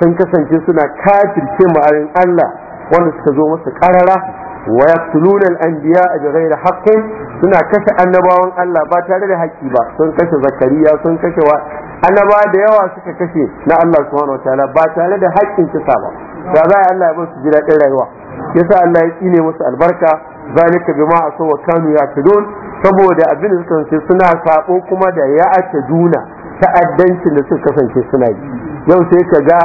sun kasance suna kafirce ma'arin Allah wanda suka zo masa karara wa yaqtuluna al-anbiya bi ghairi haqqin suna kashe annabawan Allah ba tare da haƙƙi ba sun kashe zakariya sun kashe wa annaba da yawa suka kashe na Allah subhanahu ta'ala ba tare da haƙƙin kisa ba da za Allah ya bar su ji daɗin rayuwa yasa Allah ya tsine musu albarka zalika bima asaw wa kanu yaqilun saboda abin da suka suna saƙo kuma da ya ake duna ta'addanci da suka kasance suna yi yau sai ka ga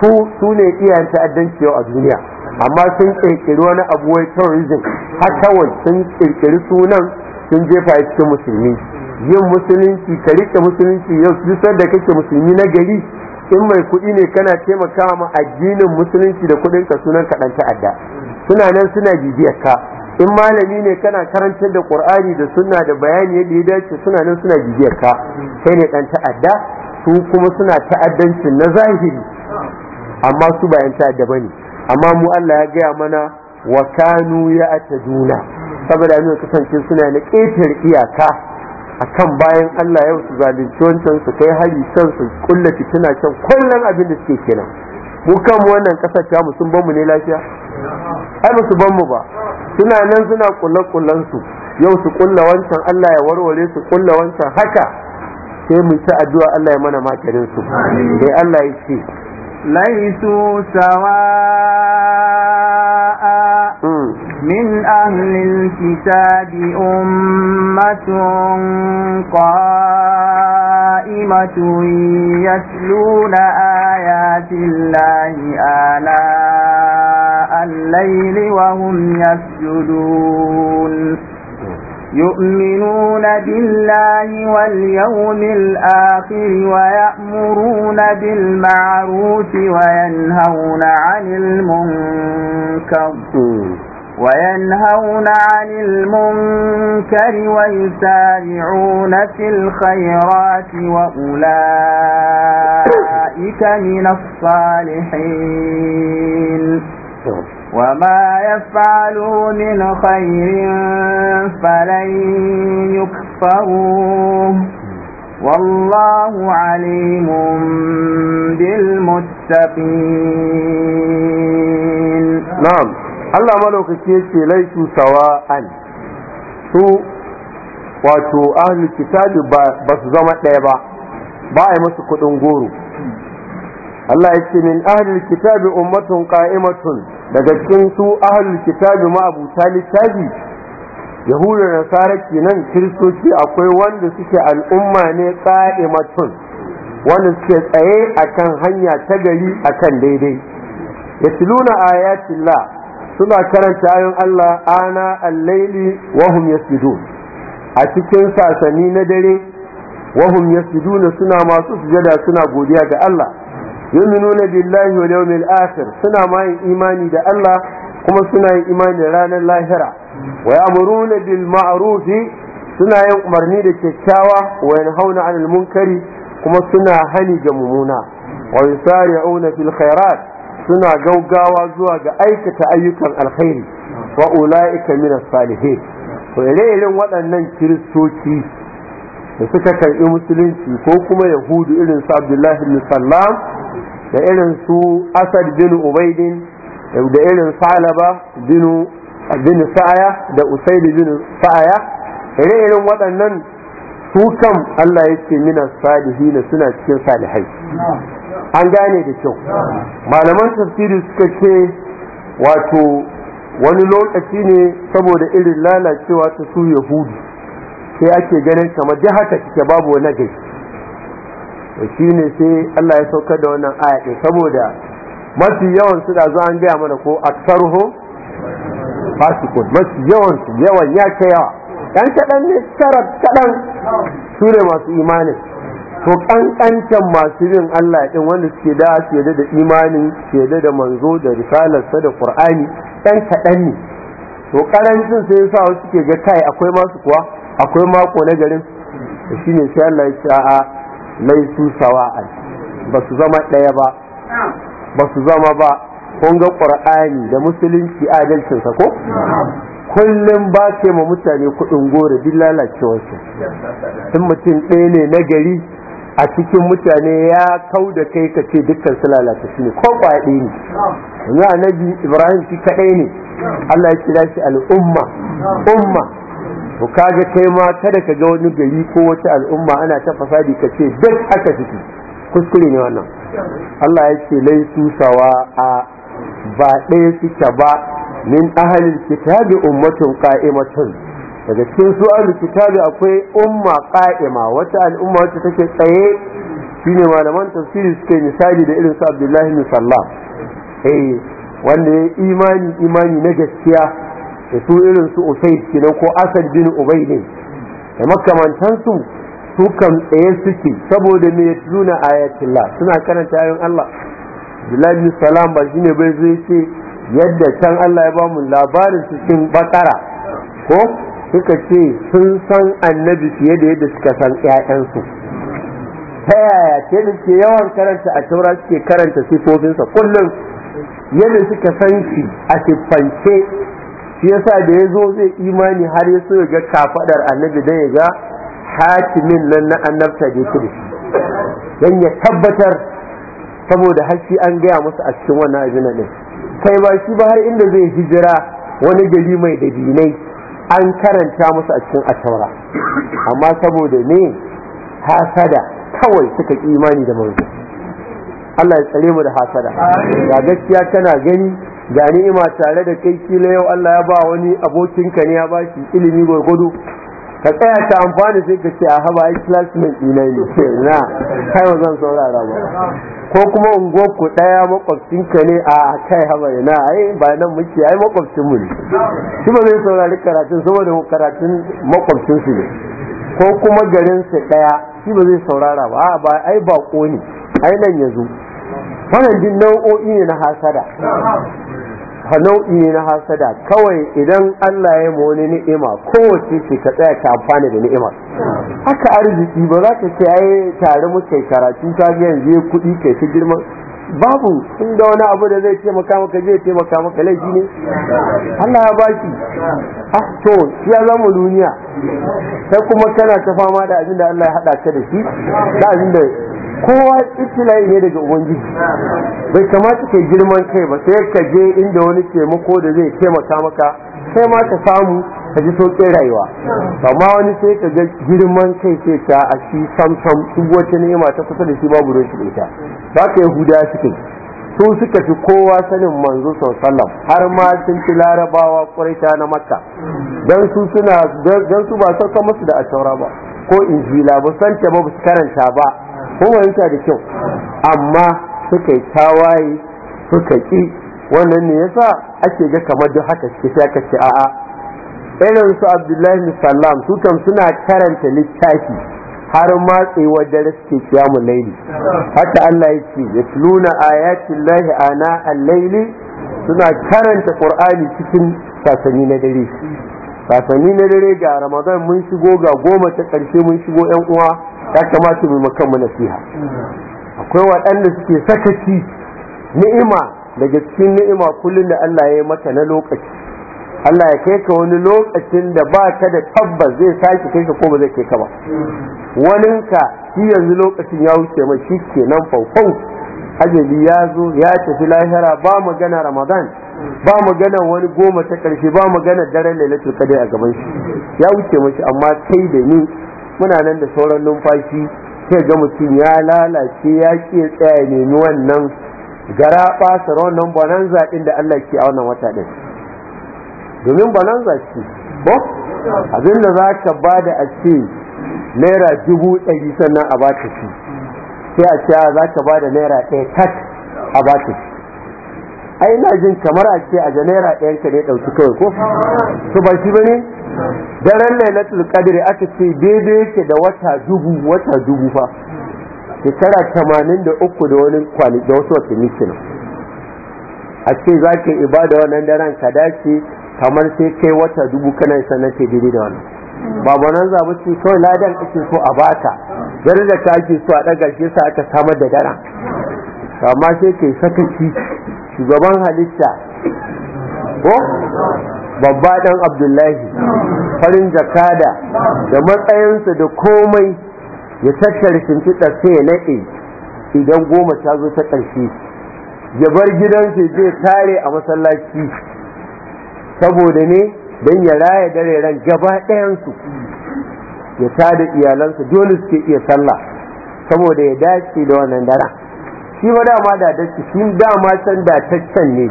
su su ne iyayen ta'addanci yau a duniya amma sun kirkiri wani abu wai terrorism har kawai sun kirkiri sunan sun jefa cikin musulmi yin musulunci ka rike musulunci yau duk da kake musulmi na gari in mai kuɗi ne kana taimaka ma addinin musulunci da kuɗinka ka sunan ka dan ta'adda suna nan suna bibiyar ka in malami ne kana karantar da qur'ani da sunna da bayani yadda ya dace suna nan suna bibiyar ka sai ne dan ta'adda su kuma suna ta'addancin na zahiri amma su ba yan ta'adda bane amma mu Allah ya gaya mana wa kanu ya ataduna saboda ne kasance suna na ƙetar iyaka akan bayan Allah yau su zalunci wancan su kai hari san su kulla fitina can kullum abin da suke kenan mu kan wannan kasar ta mu sun mu ne lafiya ai ba su ban ba suna nan suna kullan kullan su yau su kulla wancan Allah ya warware su kulla wancan haka sai mu ta addu'a Allah ya mana makarin su dai Allah ya ce laisu sawa من أهل الكتاب أمة قال قائمة يتلون آيات الله آلاء الليل وهم يسجدون يؤمنون بالله واليوم الآخر ويأمرون بالمعروف وينهون عن المنكر وينهون عن المنكر ويسارعون في الخيرات وأولئك من الصالحين وما يفعلوا من خير فلن يكفروه والله عليم بالمتقين نعم Allah malaukake yake laisu sawa'an su wato ahli kitabi ba su zama ɗaya ba ba a yi masu kuɗin goro Allah ya ce min ahli kitabi ummatun qa'imatun daga cikin su ahlul kitabi ma'abuta littafi yahudu da nasara kenan kiristoci akwai wanda suke al'umma ne qa'imatun wanda suke tsaye akan hanya ta gari akan daidai yatluna ayatillah suna karanta ayon Allah ana al-laili wa yasjudun a cikin sasani na dare wahum yasjudun suna masu sujada suna godiya ga Allah yu'minuna billahi wal yawmil akhir suna ma imani da Allah kuma suna yin imani da ranar lahira wa ya'muruna bil ma'ruf suna yin umarni da kyakkyawa wa yanhauna 'anil munkari kuma suna hani ga mumuna wa yusari'una fil khairat suna gaugawa zuwa ga aikata ayyukan alkhairi wa ula'ika min salihin to ire waɗannan kiristoci da suka karɓi musulunci ko kuma yahudu irin su abdullahi bin sallam da irin su asad bin ubaidin da irin salaba bin sa'aya da usaid bin sa'aya ire waɗannan su kam Allah ya ce mina salihi suna cikin salihai an gane da kyau malaman tafsiri suka ce wato wani lokaci ne saboda irin lalacewa ta su yahudu sai ake ganin kamar da haka kike babu wani gai shi ne sai Allah ya sauka da wannan aya saboda mafi yawan su da zo an gaya mana ko aksaruhu fasikun mafi yawan su yawan ya kai yawa dan kaɗan ne karat kaɗan su masu imanin to kankancan masu bin Allah din wanda suke da shaida da imani shaida da manzo da risalarsa da qur'ani ɗan kaɗan ne to karancin sai yasa wasu ke ga kai akwai masu kuwa akwai mako na garin shine sai Allah ya ce a laisu sawa'a ba su zama ɗaya ba ba su zama ba kun ga qur'ani da musulunci adalcinsa ko kullum ba ke ma mutane kuɗin gore duk lalacewarsu in mutum ɗaya ne na gari a cikin mutane ya kau da kai ka ce dukkan su lalata shi ne ko kwaɗe ne yanzu annabi ibrahim shi kaɗai ne allah ya kira shi al'umma umma to kaga kai ma kada ka ga wani gari ko wata al'umma ana ta fasadi ka ce duk aka ciki kuskure ne wannan allah ya ce lai a ba ɗaya suke ba min ahalin kitabi ummatun ka'imatun daga cikin su ahlul kitabi akwai umma qa'ima wata al'umma wacce take tsaye shine malaman tafsiri suke misali da irin su Abdullahi bin Sallam eh wanda ya imani imani na gaskiya da su irin su Usayd kenan ko Asad bin Ubayd da makamantan su su kan tsaye suke saboda me yatluna ayatullah suna karanta ayoyin Allah Abdullahi bin Sallam ba shine bai zai ce yadda can Allah ya ba mu labarin cikin bakara ko suka ce sun san annabi fiye da yadda suka san 'ya'yansu ta yaya ce da ke yawan karanta a taura suke karanta sifofinsa kullum yadda suka san shi a siffance shi yasa da ya zo zai imani har ya so ya ga kafaɗar annabi don ya ga hakimin nan na annabta da yake da don ya tabbatar saboda hashi an gaya musu a cikin wannan abin nan kai ba shi ba har inda zai hijira wani gari mai dabinai an karanta musu a cikin ashaura amma saboda ne hasada kawai suka imani da mawuzi Allah ya tsare mu da hasada ga gaskiya tana gani ga ni'ima tare da kai kila yau Allah ya ba wani abokinka ne ya ba shi ilimi gwargwado ka tsaya ta amfani sai ka ce a haba ai classmate ɗina ne ce na kai ba zan saurara ba ko kuma unguwar ku ɗaya makwabcin ka ne a kai haba na ai ba nan muke ai makwabcin mu ne shi ba zai saurari karatun saboda karatun makwabcin su ne ko kuma garin su ɗaya shi ba zai saurara ba ba ai ba ne ai nan ya zo wannan nau'o'i ne na hasada nau'i ne na hasada kawai idan Allah ya mu wani ni'ima kowace ce ka tsaya ka amfana da ni'imar haka arziki ba za ka ce ai tare muke karatu ka ga yanzu kuɗi kai ta girma babu in da wani abu da zai taimaka maka zai taimaka maka laifi ne Allah ya baki ah to shi ya zama duniya sai kuma kana ta fama da abin da Allah ya hada ka da shi da abin da kowa itilai ne daga ubangiji bai kamata ke girman kai ba sai ka je inda wani taimako da zai taimaka maka sai ma ka samu ka ji sauƙin rayuwa amma wani sai ka ga girman kai ce ta a shi samsam sam duk wata nema ta kusa da shi babu ruwan shi da ita ba ka yahuda suke su suka fi kowa sanin manzo sallam har ma sun fi larabawa ƙuraita na makka don su suna su ba sauka musu da a ba ko injila ba san ta ba su karanta ba wani ta da kyau amma suka yi tawaye suka ƙi wannan ne yasa ake ga kamar duk haka shi sai aka ce a'a irin su abdullahi bin sallam su kam suna karanta littafi har matsewa dare suke mu laili hatta Allah ya ce yatluna ayatin ana al-laili suna karanta qur'ani cikin sasanni na dare kasanni na dare ga ramadan mun shigo ga goma ta ƙarshe mun shigo yan uwa ya kamata mu makan mu nasiha akwai waɗanda suke sakaci ni'ima daga cikin ni'ima kullum da Allah ya yi mata na lokaci Allah ya kai ka wani lokacin da ba ka da tabbas zai sake kai ka ko ba zai kai ka ba ka shi yanzu lokacin ya wuce mai shi ke nan faufau ajali ya zo ya tafi lahira ba magana ramadan ba magana wani goma ta ƙarshe, ba magana daren lailatul qadr a gaban shi ya wuce mashi amma kai da ni muna nan da sauran numfashi sai ga mutum ya lalace ya ke tsaya nemi wannan gara ɓasa wannan bonanza ɗin da Allah ke a wannan wata ɗin domin bonanza ce bo, abin da za ka ba da a ce naira dubu ɗari sannan a ba ta ci sai a ce za ka ba da naira ɗaya tak a ba ta ci ai ina jin kamar a ce a janaira ɗayan ka ne ɗauki kawai ko to ba shi bane daren lailatul qadri aka ce daidai yake da wata dubu wata dubu fa shekara tamanin da uku da wani kwali da wasu watanni kenan a ce za ka ibada wannan daren ka dace kamar sai kai wata dubu kana isa na ce daidai da wannan ba nan ce kawai ladan ake so a baka dare da ka ake so a ɗaga shi sa aka samar da daren amma sai kai sakaci shugaban halitta ko babba dan abdullahi farin jakada da matsayinsa da komai ya tattara shimfiɗar sai ya naɗe idan goma ta zo ta ƙarshe ya bar gidansa zai tare a masallaci saboda ne don ya raya dare ran gaba ɗayansu ya tada iyalansa dole suke iya sallah saboda ya dace da wannan daren shi ba dama da dace shi dama can da taccen ne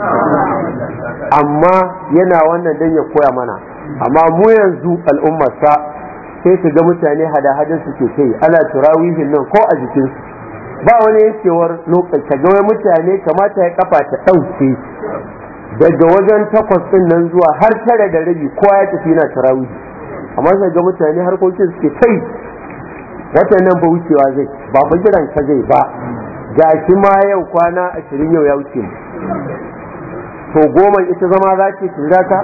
amma yana wannan dan ya koya mana amma mu yanzu al'ummarsa sai su ga mutane hada-hadan su ke kai ana turawihin nan ko a jikinsu ba wani yankewar lokaci ga wai mutane kamata ya kafa ta ɗauke daga wajen takwas ɗin nan zuwa har tare da rabi kowa ya tafi na tarawihi amma sai ga mutane harkokin suke kai watan nan ba wucewa zai ba fa jiran ka zai ba gashi ma yau kwana ashirin yau ya wuce mu to goma ita zama za ce shirya zata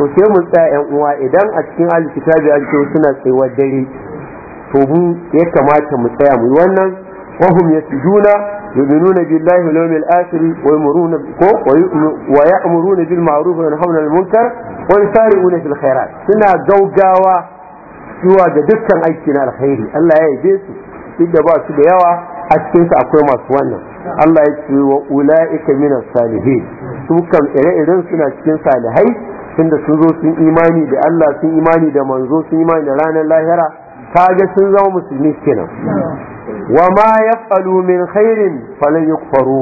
to sai mu tsaya yan uwa idan a cikin ta biyar ce suna tsaye dare to mu ya kamata mu tsaya mu wannan wahum yasjuna yu'minuna billahi wal yawmil akhir wa yamuruna ko wa ya'muruna bil ma'ruf wa yanhauna 'anil munkar wa yusari'una fil khairat suna gaugawa zuwa ga dukkan aiki na alkhairi Allah ya yi su duk da ba su da yawa a cikin su akwai masu wannan Allah ya ce wa ula'ika minas salihin su kan ire-iren suna cikin salihai tunda sun zo sun imani da Allah sun imani da manzo sun imani da ranar lahira kaga sun zama musulmi kenan wa ma yaf'alu min khairin falan yukfaru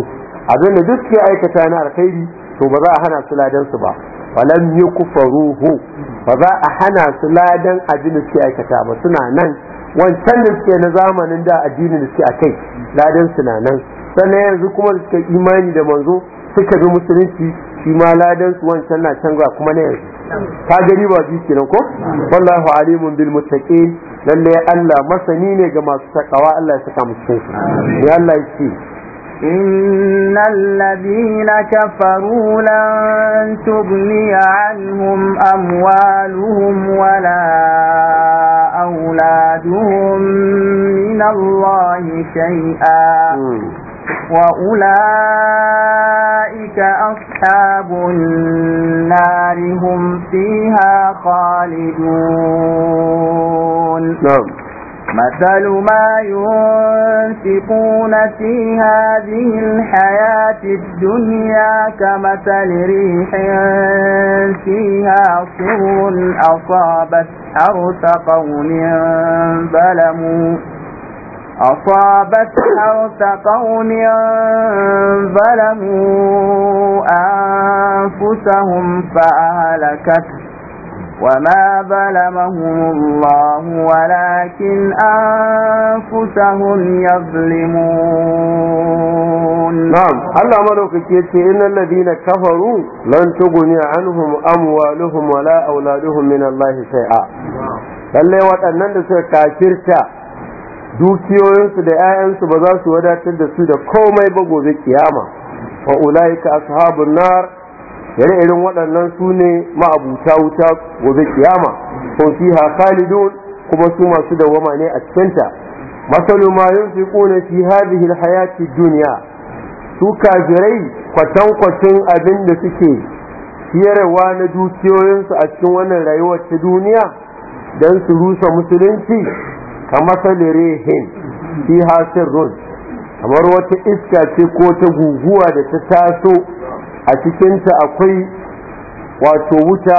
abinda duk ke aikata na alkhairi to ba za a hana su ladan su ba falan yukfaru ba za a hana su ladan abin da suke aikata ba suna nan wancan da suke na zamanin da addinin da suke a kai ladin su nan sannan yanzu kuma da suka imani da manzo suka bi musulunci shi ma ladin su wancan na canza kuma na yanzu ta gani ba biyu kenan ko wallahu alimun bil muttaqin lalle Allah masani ne ga masu takawa Allah ya saka mu cikin su Allah ya ce إن الذين كفروا لن تغني عنهم أموالهم ولا أولادهم من الله شيئا وأولئك أصحاب النار هم فيها خالدون نعم مثل ما ينفقون في هذه الحياة الدنيا كمثل ريح فيها صر أصابت حرث قوم ظلموا أصابت حرث قوم ظلموا أنفسهم فأهلكته وما ظلمهم الله ولكن أنفسهم يظلمون نعم الله ملوك يتي إن الذين كفروا لن تغني عنهم أموالهم ولا أولادهم من الله شيئا lallai waɗannan da suka kafirta dukiyoyinsu da 'ya'yansu ba za su wadatar da su da komai ba gobe kiyama fa ulaika ashabun nar ire irin waɗannan su ne ma'abuta wuta gobe kiyama fi ha khalidun kuma su masu dawama ne a cikinta masalu ma yunfiquna fi hadhihi alhayati dunya su kafirai kwatankwacin abin da suke fiyarwa na dukiyoyinsu a cikin wannan rayuwar ta duniya don su rusa musulunci ka masalin rehin fi hasirun kamar wata iska ce ko ta guguwa da ta taso a cikinta akwai wato wuta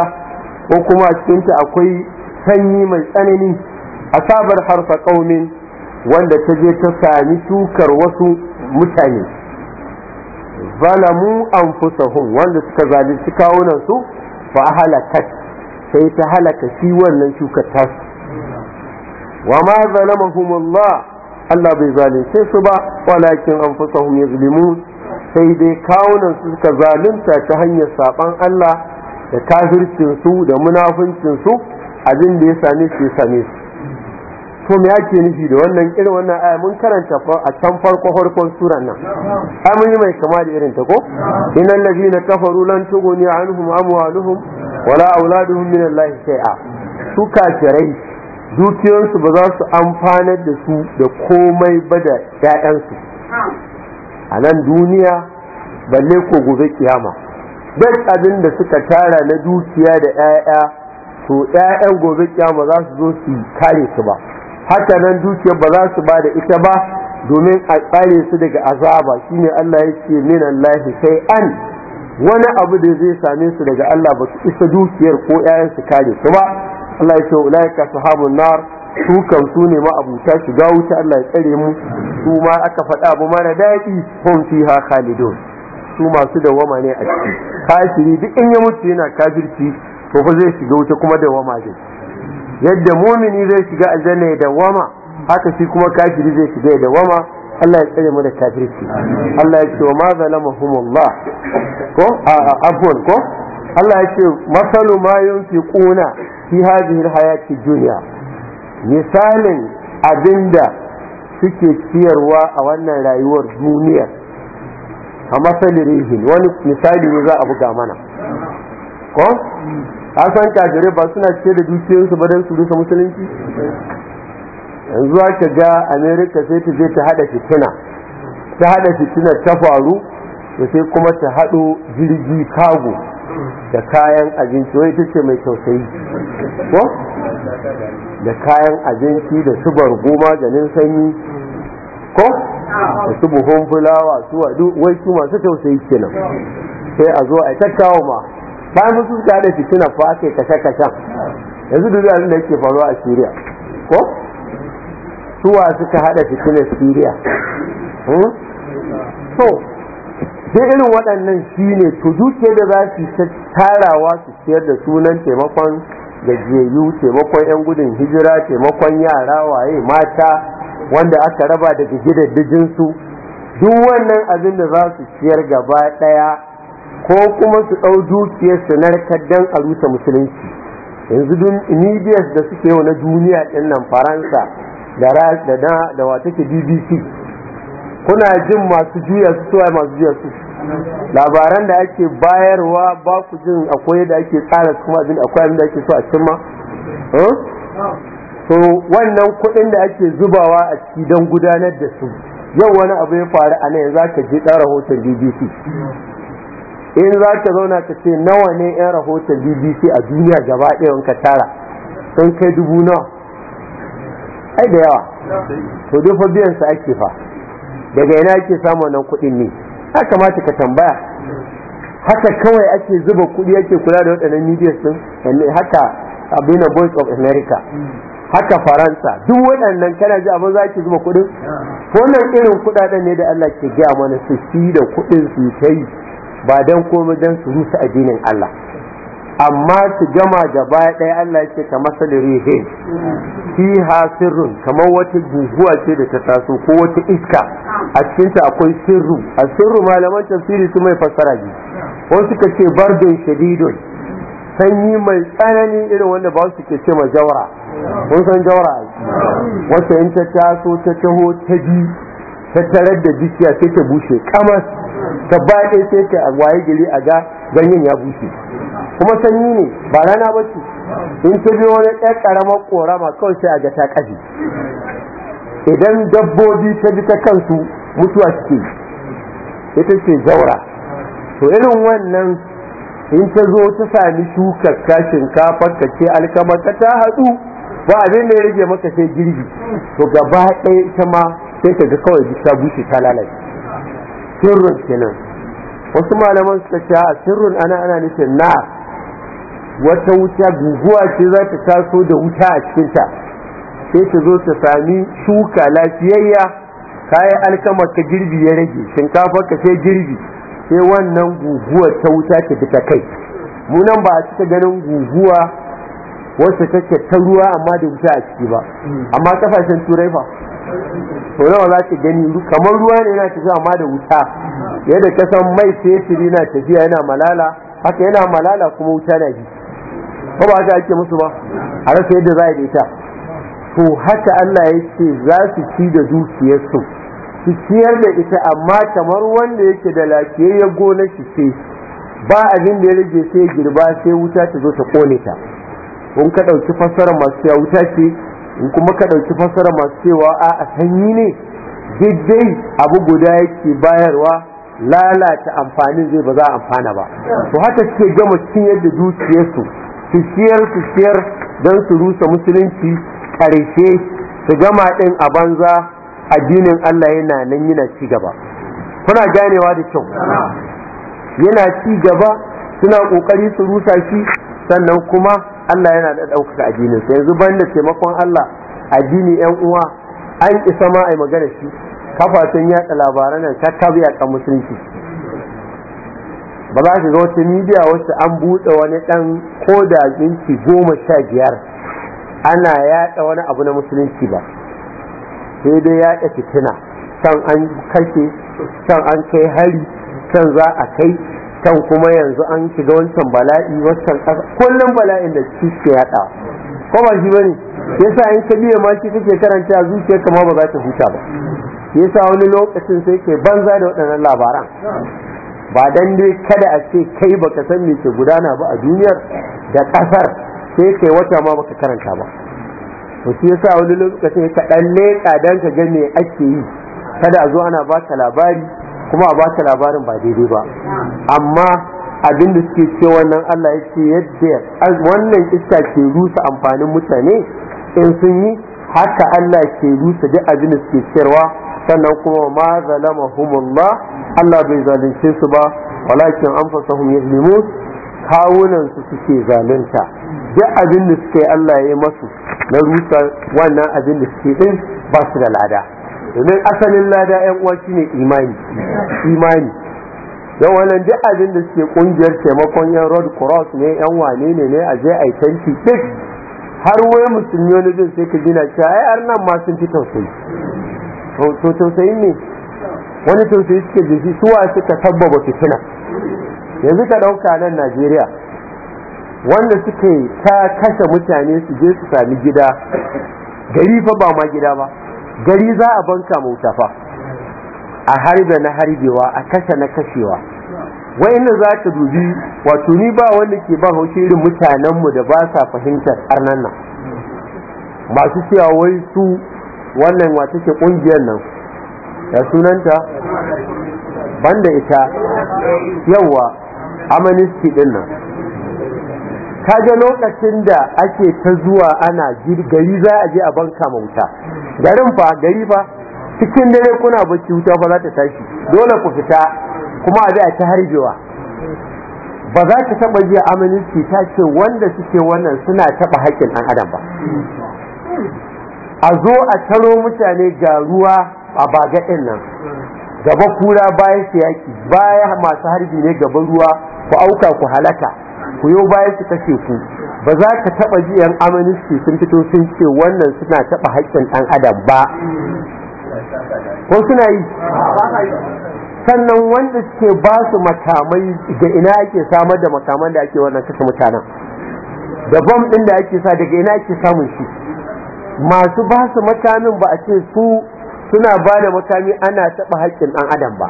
ko kuma a cikinta akwai sanyi mai tsanani a sabar harfa ƙaumin wanda ta je ta sami shukar wasu mutane zalamu an anfusahum wanda suka zalunci kawunan su a halakat sai ta halaka shi wannan shukar tasu wa ma zalamahumullah Allah bai zalunce su ba walakin ya zulimun sai dai kawunan su suka zalunta ta hanyar saban Allah da kafircin su da munafincin su abin da ya same su ya same su to me yake nufi da wannan irin wannan aya mun karanta a can farko farkon suran nan ai mun yi mai kama da irin ta ko innal ladina kafaru lan tughni anhum amwaluhum wala auladuhum min Allah shay'a su kafirai dukiyansu ba za su amfanar da su da komai ba da 'ya'yansu. a nan duniya balle ko gobe kiyama duk abin da suka tara na dukiya da 'ya'ya to 'ya'yan gobe kiyama za su zo su kare su ba haka nan dukiyar ba za su ba da ita ba domin a tsare su daga azaba shine Allah ya ce min Allah sai an wani abu da zai same su daga Allah ba su isa dukiyar ko 'ya'yan su kare su ba Allah ya ce ulaika sahabun nar su kan su ne ma ta shiga wuce, Allah ya tsare mu su ma aka faɗa abu mara daɗi fi ha khalidun su masu dawama ne a ciki kafiri duk in ya mutu yana kafirci to fa zai shiga wuce kuma dawama ne. yadda mumini zai shiga aljanna ya dawama haka shi kuma kafiri zai shiga ya dawama Allah ya tsare mu da kafirci Allah ya ce wa ma zalamahumullah ko a afwan ko Allah ya ce masalu ma yunfiquna fi hadhihi alhayati dunya misalin abinda suke ciyarwa a wannan rayuwar duniyar a matsalin rihin wani misali ne za a buga mana ko san kajirai ba suna ce da dukiyarsu ba don su rusa musulunci yanzu aka ga Amerika sai ta je ta hada fitina ta hada fitina ta faru da sai kuma ta hado jirgi kago da kayan abinci wai ta ce mai tausayi ko da kayan abinci da su barguma maganin sanyi ko da su buhun fulawa su wadu wai su masu tausayi kenan sai a zo a tattawa ma bayan musu suka da fitina fa ake kashe kashe yanzu duk abin da yake faruwa a Syria ko suwa suka hada fitinar Syria So, hmm? sai irin waɗannan shine to dukiyar da za su tarawa su ciyar da sunan taimakon gajiyayyu taimakon 'yan gudun hijira taimakon yara waye mata wanda aka raba daga su duk wannan abin da za su ciyar gaba ɗaya ko kuma su ɗau dukiyar su narkar dan a rusa musulunci yanzu dun immediate da suke yau na duniya din nan faransa da da wata ke bbc kuna jin masu juya su masu juya su labaran da ake bayarwa ba ku jin akwai da ake tsara kuma abin akwai da ake so a cimma eh? to wannan kuɗin da ake zubawa a ciki don gudanar da su yau wani abu ya faru a nan za ka je ɗan rahoton bbc in za ka zauna ka ce nawa ne 'yan rahoton bbc a duniya gaba ɗaya ka tara sun kai dubu nawa ai da yawa to dai fa biyan su ake fa daga ina ake samu wannan kuɗin ne ya kamata ka tambaya haka kawai ake zuba kuɗi ake kula da waɗannan media sun haka abin na Boys of america haka faransa duk waɗannan kana ji abin za ki zuba kuɗin wannan irin kuɗaɗen ne da allah ke gaya mana su fi da kuɗin su ta ba don komai don su rusa addinin allah amma su gama gaba ɗaya Allah ya ce ka masalin rihe fi hasirun kamar wata guguwa ce da ta taso ko wata iska a cikinta akwai sirru a sirru malaman tafsiri su mai fassara ne wasu suka ce bardun shadidon sanyi mai tsanani irin wanda ba su ke ce ma jawara kun san jawara in ta taso ta taho ta ji ta tarar da bishiya sai ta bushe kamar ta baɗe sai ta waye gari a ga ganyen ya bushe kuma sanyi ne ba rana ba ce in ta biyo wani ɗan ƙaramar ƙorama kawai sai a ga ta ƙaji idan dabbobi ta bi ta kansu mutuwa suke ita ce zaura to irin wannan in ta zo ta sami shukar ka shinkafar ka ce alkamar ta haɗu ba abin da ya rage maka sai girbi to gaba ɗaya ita ma sai ka ga kawai ta bushe ta lalace sirrun kenan wasu malaman suka ce a sirrun ana ana nufin na wata wuta guguwa ce za ta taso da wuta a cikinta sai ta zo ta sami shuka lafiyayya kayan alkama ka girbi ya rage shinkafar ka sai girbi sai wannan guguwar ta wuta ta fita kai munan ba a cika ganin guguwa wasu kake ta ruwa amma da wuta a ciki ba amma kafashen turai fa to nawa za ta gani kamar ruwa ne yana tafiya amma da wuta yadda ka san mai fetiri na tafiya yana malala haka yana malala kuma wuta na ji ba ba haka ake musu ba a rasa yadda za a yi ita to haka Allah ya ce za su ci da dukiyarsu su ciyar da ita amma kamar wanda yake da lafiyayyar gonar shi ce ba abin da ya rage sai girba sai wuta ta zo ta kone ta in ka ɗauki fassara masu cewa wuta ce in kuma ka ɗauki fassara masu cewa a sanyi ne daidai abu guda yake bayarwa lalata amfanin zai ba za a amfana ba to haka suke gama cikin yadda dukiyarsu su siyar su siyar don su rusa musulunci ƙarshe su gama ɗin a banza addinin Allah yana nan yana ci gaba kuna ganewa da kyau yana ci gaba suna ƙoƙari su rusa shi sannan kuma Allah yana da ɗaukaka addinin yanzu yanzu banda taimakon Allah addini yan uwa an isa ma yi magana shi kafafen yaɗa labaran nan ta a kan musulunci ba za ka ga wata midiya wacce an buɗe wani ɗan koda zinci goma sha biyar ana yaɗa wani abu na musulunci ba sai dai yaɗa fitina can an can an kai hari can za a kai can kuma yanzu an shiga wancan bala'i wancan ƙasa kullum bala'in da shi ke yaɗa ko ba shi bane yasa in ka biya ma shi kake karanta zuciya kamar ba za ta huta ba yasa wani lokacin sai ke banza da waɗannan labaran ba dan dai kada a ce kai baka san me ke gudana ba a duniyar da ƙasar sai kai wata ma baka karanta ba to shi yasa wani lokacin ka dan leƙa dan ka ga me ake yi kada a zo ana baka labari kuma a bata labarin ba daidai ba amma abin da suke ce wannan Allah ya ce yadda wannan iska ke rusa amfanin mutane in sun yi haka Allah ke rusa duk abin da suke cewa sannan kuma ma zalamahumullah Allah bai zalunce su ba walakin anfusahum yuzlimun kawunan su suke zalunta duk abin da suke Allah ya yi masu na rusa wannan abin da suke din ba su da lada domin asalin lada yan uwa shine imani imani don wannan duk abin da suke kungiyar taimakon yan road cross ne yan wane ne ne a je a tanki duk har wai musulmi wani zai sai ka gina cewa ai har nan ma sun fi tausayi to tausayi ne wani tausayi suke jiki suwa suka sabbaba fitina yanzu ka ɗauka nan najeriya wanda suke ta kashe mutane su je su sami gida gari fa ba ma gida ba gari za a banka fa a harbe na harbewa a kashe na kashewa wa'inda za ka dubi wato ni ba wanda ke ban haushe irin mutanenmu da ba sa fahimtar arnan nan masu cewa wai su wannan wata ke kungiyar nan ya sunanta banda ita yawa amanisti din nan kaga lokacin da ake ta zuwa ana gari za a je a banka mauta garin fa gari fa cikin dare kuna bacci wuta ba za ta tashi dole ku fita kuma a a ta harbewa ba za ka taba jiya aminci ta ce wanda suke wannan suna taba haƙƙin ɗan adam ba a zo a taro mutane ga ruwa a baga ɗin nan gaba kura bayan siyaki baya masu harbi ne gaban ruwa ku auka ku halaka ku yi baya su kashe ku ba za ka taba jiyan amanisti sun fito sun ce wannan suna taba haƙƙin ɗan adam ba ko suna yi sannan wanda suke ba su makamai ga ina ake samar da makaman da ake wannan kashe mutanen da bom ɗin da ake sa daga ina ake samun shi masu ba su makamin ba a ce su suna ba da makami ana taɓa haƙƙin ɗan adam ba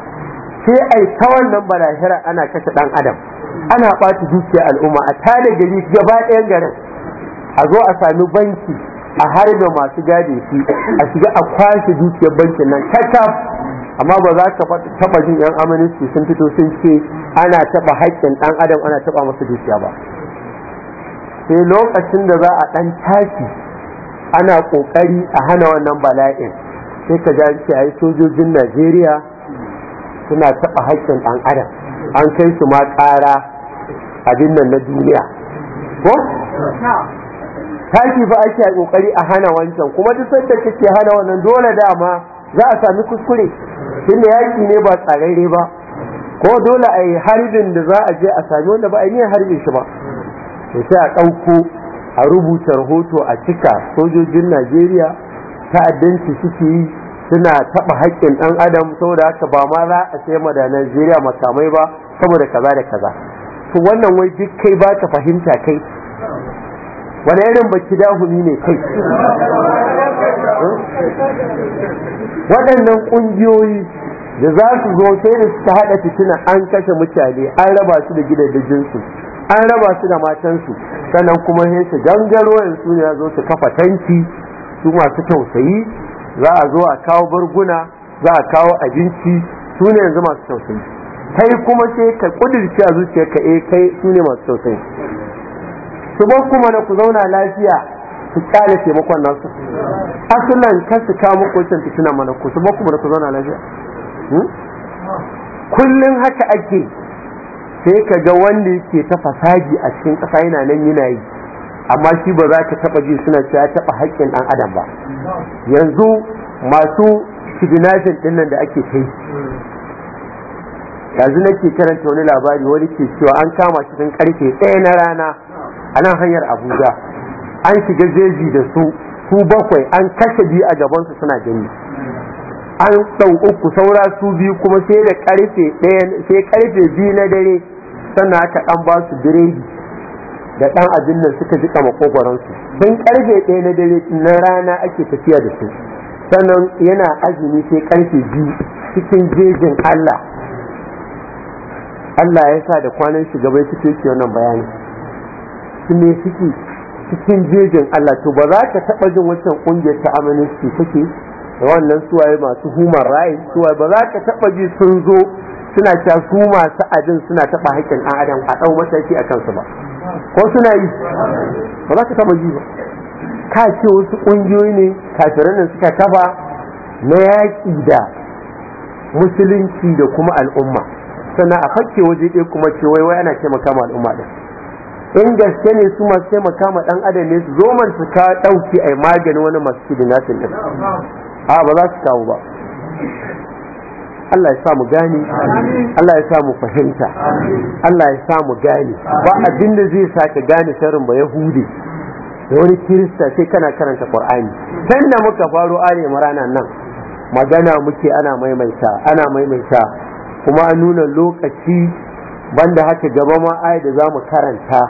sai ai ta wannan balahira ana kashe ɗan adam ana ɓata dukiyar al'umma a tada gari gaba ɗayan garin a zo a sami banki a harbe masu gade shi a shiga a kwashe dukiyar bankin nan kakaf amma ba za ka taɓa jin yan amnesty sun fito sun ce ana taɓa haƙƙin ɗan adam ana taɓa masa dukiya ba sai lokacin da za a ɗan tashi ana ƙoƙari a hana wannan bala'in sai ka ji an ce yi sojojin najeriya suna taɓa haƙƙin ɗan adam an kai su ma ƙara abin nan na duniya ko tashi ba ake a ƙoƙari a hana wancan kuma duk sanda kake hana wannan dole dama za a sami kuskure tun da yaƙi ne ba tsararre ba ko dole a yi harbin da za a je a sami wanda ba a yi harbin shi ba to sai a ɗauko a rubuta rahoto a cika sojojin najeriya ta'addanci suke yi suna taɓa haƙƙin ɗan adam saboda haka ba ma za a sai ma da najeriya makamai ba saboda kaza da kaza to wannan wai duk kai ba ka fahimta kai wani irin baki dahuni ne kai waɗannan ƙungiyoyi da za su zo sai da suka haɗa fitina an kashe mutane an raba su da gidajensu an raba su da matansu sannan kuma sai su gangaro yanzu ne zo su kafa tanki su masu tausayi za a zo a kawo barguna za a kawo abinci su ne yanzu masu tausayi kai kuma sai ka kudirce a ka eh kai su ne masu tausayi su bar kuma na ku zauna lafiya su kyale taimakon nasu asulan kan su kawo muku wancan fitina mana ku su bar kuma na ku zauna lafiya hmm? kullum haka ake sai ka ga wanda yake ta fasaji a cikin ƙasa yana nan yana yi amma shi ba za ka taba ji suna cewa taɓa haƙƙin ɗan adam ba yanzu masu kidnapping ɗinnan nan da ake kai yanzu nake karanta wani labari wani ke cewa an kama shi tun karfe ɗaya na rana a nan hanyar abuja an shiga jeji da su su bakwai an kashe biyu a gabansu suna gani an ɗau uku saura su biyu kuma sai da karfe karfe biyu na dare sannan aka ɗan ba su biredi da ɗan abin nan suka jika makogoransu don karfe ɗaya na dare na rana ake tafiya da su sannan yana azumi sai karfe biyu cikin jejin Allah Allah ya sa da kwanan shugabai suke ke wannan bayani su ne suke cikin jejin Allah to ba za ka taɓa jin wancan ƙungiyar ta aministi take da wannan suwaye masu human rights suwaye ba za ka taɓa ji sun zo suna cewa su masu abin suna taɓa haƙƙin ɗan adam a ɗau mataki a kansu ba ko suna yi ba za ka taɓa ji ba ka ce wasu ƙungiyoyi ne kafirin nan suka kafa na yaƙi da musulunci da kuma al'umma sannan a fakke waje ɗaya kuma ce wai wai ana taimaka ma al'umma ɗin in gaske ne su masu taimaka ma ɗan adam ne su zo man su ka ɗauki a maganin wani masu kidnapping ɗin a ba za su kawo ba Allah ya sa mu Allah ya sa fahimta Allah ya sa mu gane ba abin da zai sake gane sharrin ba yahudi da wani kirista sai kana karanta qur'ani san da muka faro ale marana nan magana muke ana maimaita ana maimaita kuma a nuna lokaci banda haka gaba ma ayi da zamu karanta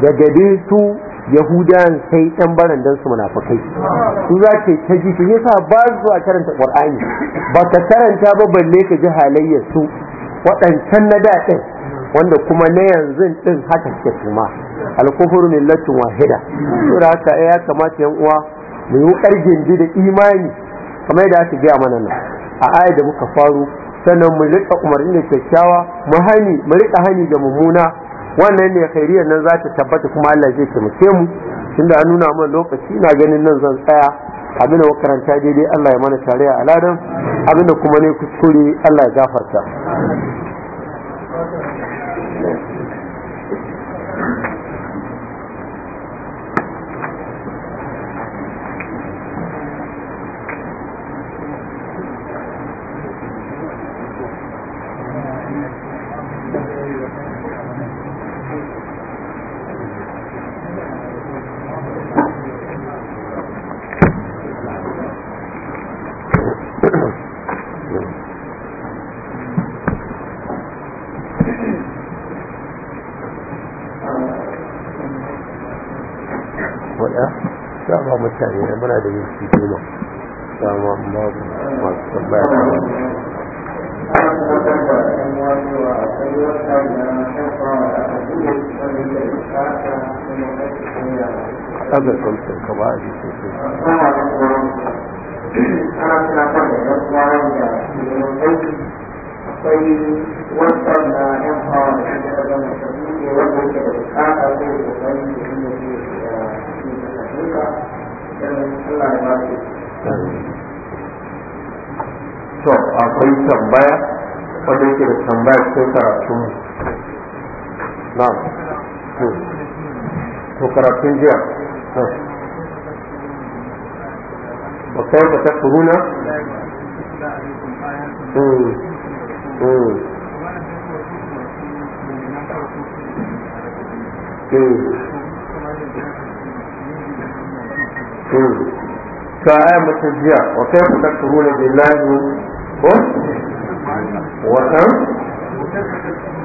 daga dai su yahudan sai baran barandan su munafukai su za ke ta ji su yasa ba su a karanta ƙwar'ani ba ka karanta ba balle ka ji halayyar su waɗancan na da wanda kuma na yanzu ɗin haka suke kuma ne millatun wahida su da haka eh, ya kamata yan uwa mu yi ƙargin da imani kamar yadda aka gaya mana nan a aya da muka faru sannan mu riƙa umarni da kyakkyawa mu hani mu riƙa hani da mummuna wannan ne khairiyar nan za ta tabbata kuma Allah zai taimake mu tunda an nuna mana lokaci na ganin nan zan tsaya abin da karanta daidai Allah ya mana tare a ladan abin da kuma ne kuskure Allah ya gafarta akwai tambaya wanda yake da tambaya cikin karatun na hmm. to karatun jiya wa hmm. kai ka ta kuruna كآية متجية وكيف تكفرون بالله ko wakan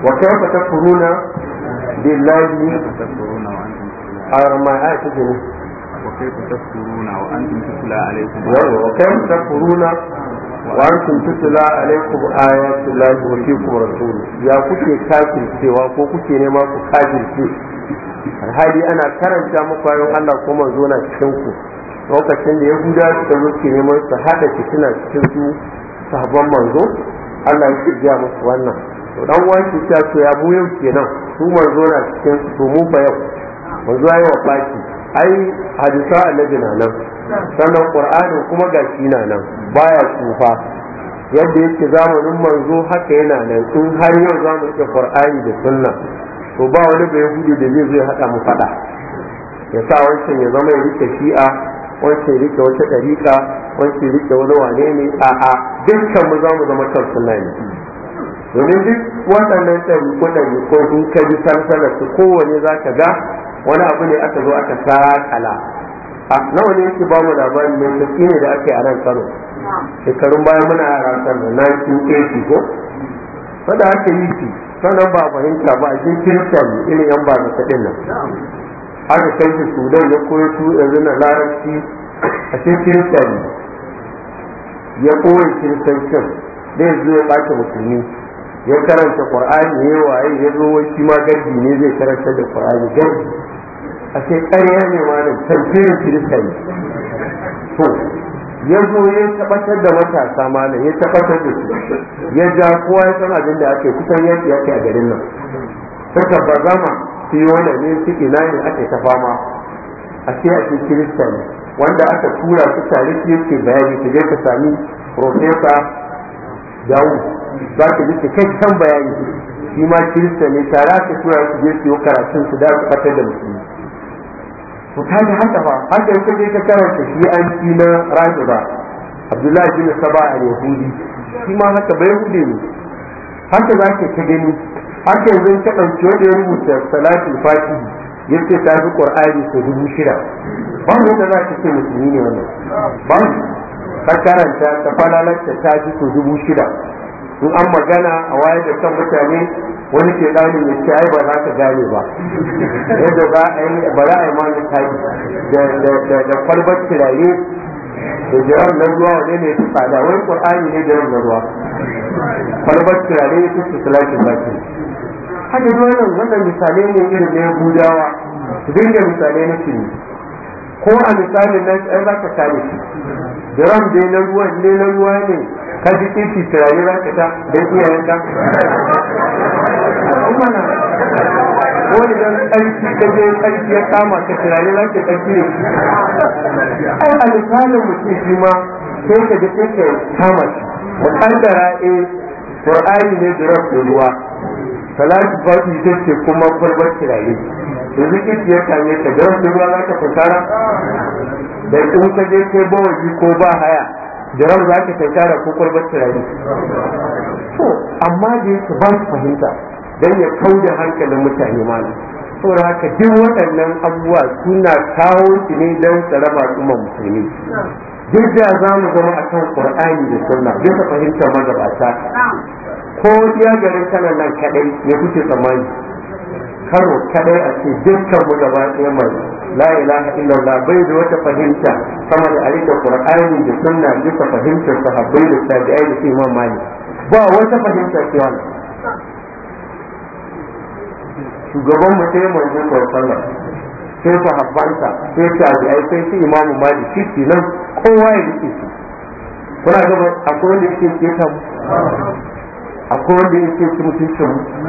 wakan fata furuna billahi a ya ce ne وكيف تكفرون وأنتم تتلى عليكم وكيف تكفرون وأنتم تتلى عليكم آيات الله وفيكم رسوله يا كوكي كافر سوى كوكي نما كافر alhali ana karanta muku Allah ko manzo na cikin ku lokacin da Yahudawa suka zo neman su haɗa fitina cikin su sahabban manzo Allah ya kirgiya musu wannan to dan uwan shi ta ce ya mu yau kenan su manzo na cikin su mu fa yau manzo yayi wa faki ai hadisa annabi na nan sannan qur'ani kuma ga shi na nan baya tsufa yadda yake zamanin manzo haka yana nan in har yau zamu rike qur'ani da sunna to ba wani bai hudu da zai zo ya hada mu fada ya sa wancan ya zama ya rike shi'a wancan rike wata ɗariƙa wancan rike wani wane ne a'a dukkan mu za mu zama kan sunna ne domin duk waɗannan ɗariƙo ko in ka bi sarsalar su kowane za ka ga wani abu ne aka zo aka sakala a nawa ne yake ba mu labarin mai tafi ne da ake a nan kano shekarun bayan muna yara kano 1980 ko Sada ake yi shi sannan ba fahimta ba a cikin ne irin yan ba su nan aka kai sudan ya koyo su yanzu na larabci a cikin kiristani ya cikin kiristancin da ya zo ya ɓata musulmi ya karanta qur'ani ya waye ya zo wai shi ma gaddi ne zai karanta da qur'ani gaddi a ce ƙarya ne ma ne, tantirin kiristani to ya zo ya tabbatar da matasa malam ya tabbatar da su ya ja kowa ya san abin da ake kusan yaki yake a garin nan ta zama. wanda ne su ina ne ake ta fama a ce ake kirista ne wanda aka tura su tare su yake bayani su je ka sami profesa dawu za ka ji cikakken bayani shi ma kirista ne tare aka tura su je su yi karatun su da su fatar da musulmi ku ta ji haka ba haka je ka karanta shi an ci na rajiba abdullahi bin saba al-yahudi shi ma haka bai hude ne haka za ka ta gani haka yanzu ta ɗauki wanda ya rubuta salatin fati ya ce ta fi ƙur'ani ko dubu shida ban wanda za ka ce musulmi ne wannan ban ka karanta ta falalarta ta fi ko dubu shida in an magana a wayar da kan mutane wani ke ɗani mai ce ai ba za ka gane ba yadda ba a yi ba za a yi mani kai da kwalbar turare da jiran na ruwa wane ne su tsada wani ƙur'ani ne da na ruwa kwalbar turare ya fi su salatin baki haka duk wannan wannan misalai ne irin na gudawa dinga misalai na ne ko a misalin nan ɗan za ka kare shi drum dai na ruwa ne na ruwa ne ka ji kishi turare za ka ta da iyayen ka ko don ƙarfi ka je ƙarfi ya kama ka turare za ka ƙarfi ne ai a misalin mutum shi ma sai ka ji sai ka kama shi mu kaddara eh, qur'ani ne drum ruwa salati faɗi ita ce kuma farbar kirare yanzu kirki ya kame ta ga su ba za ka fasara da in ka je kai bawaji ko ba haya ran za ka fasara ko farbar kirare to amma da yake ba su fahimta don ya kau da hankalin mutane malam saboda haka duk waɗannan abubuwa suna kawo shi ne don tsaraba kuma musulmi duk da za mu zama akan qur'ani da sunna duka fahimtar magabata ko iya garin kanan nan kadai ya kuke tsammani karo kadai a ce dukkan mu gaba ɗaya mai la ilaha illallah bai da wata fahimta sama da alika qur'ani da sunna duka fahimtar sahabbai da tabi'ai da imam malik ba wata fahimta ce wannan shugaban mu sai mai zuwa sallah sai sahabbansa sai tabi'ai sai shi imam malik shi nan, kowa ya rike shi kuna gaba akwai wanda yake ke akwai wanda yake ci mutuncin